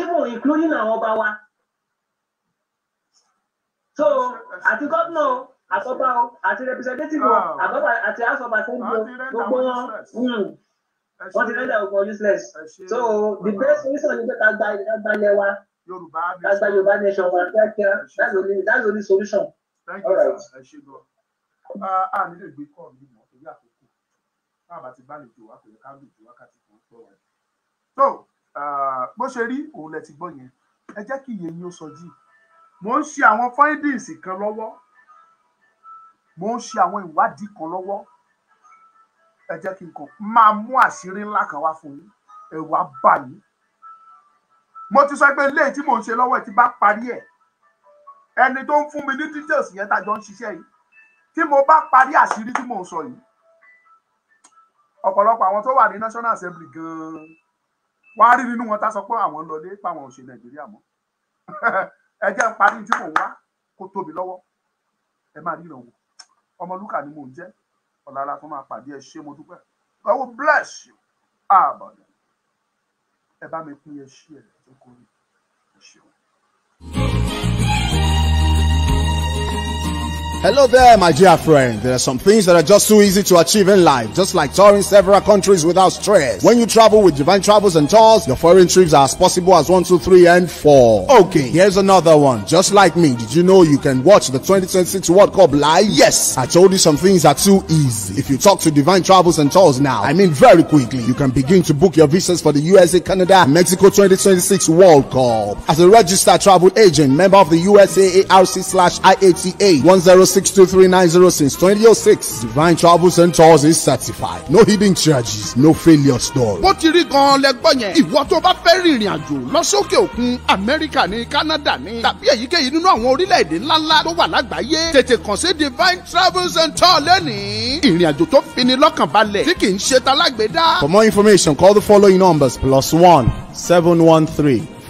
even including àwọn ọba wa so àti gómìnà àsọgbà o àti representative o ah. àgbàgbà àti asọgbà sẹ́yìn o gbogbo wọn wọ́n ti rẹ́dà ọkọ̀ useless so the best solution ni pé ká gba ká gba ilẹ̀ wa ká gba Yorùbá nation wa kíákíá that's only that's only solution. thank you sir ẹ ṣe lọ ah, a nílò ìgbé kọ́ mi mọ̀ torí àkókò tá a bá ti bá lè jò wá pẹ̀lú ká lè jò ah, bó ṣe rí òun lẹ ti gbọ́ yẹn ẹ jẹ́ kí iye yín ó sọ jù mo ń ṣe àwọn findings kan lọ́wọ́ mo ń ṣe àwọn ìwádìí kan lọ́wọ́ ẹ jẹ́ kí n kàn máa mú àṣírí ńlá kan wá fún yín ẹ̀rù á bà yín mo ti sọ pé léyìí tí mò ń ṣe lọ́wọ́ ti bá parí ẹ̀ ẹni tó ń fún mi ní details yẹn tá a jọ ń ṣiṣẹ́ yìí tí mo bá parí àṣírí tí mò ń sọ yìí ọ̀pọ̀lọpọ̀ àwọn tó wà ní National Assembly gan-an wọ́n rí nínú wọn tá a sọ pé àwọn ń lọ dé pàwọn ò Nàìjíríà mọ́ ẹ jẹ́ ń parí tí mò ń wá kó tóbi lọ́wọ́ ẹ máa ríran wò Ọmọlúkà ni mò ń jẹ́ ọ̀làlà tó máa pàdé ẹ ṣé mo dúpẹ́ God will bless you àbọ̀dẹ̀ ẹ bá mi pín ẹ ṣí ẹ tó kórè ẹ ṣeun. Hello there, my dear friend. There are some things that are just too easy to achieve in life, just like touring several countries without stress. When you travel with Divine Travels and Tours, your foreign trips are as possible as 1, 2, 3, and 4. Okay, here's another one. Just like me, did you know you can watch the 2026 World Cup live? Yes, I told you some things are too easy. If you talk to Divine Travels and Tours now, I mean very quickly, you can begin to book your visas for the USA, Canada, Mexico 2026 World Cup. As a registered travel agent, member of the USAARC slash IATA 106 six two three nine zero since twenty oh six divine travels and tours is certified no hidden charges no failure story. bó ti rí gan-an lẹ́gbọ́n yẹn ìwọ tó bá fẹ́ rìnrìn àjò lọ òkun amẹ́ríkà ní kánádà ní tàbí èyíkéyìí nínú àwọn orílẹ̀-èdè ńláńlá tó wà lágbàáyé tètè kàn sí divine travels and tours lẹ́nìí ìrìn àjò tó fini lọ́kàn balẹ̀ tí kì í ṣe talágbèédá. for more information call the following numbers plus one seven one three.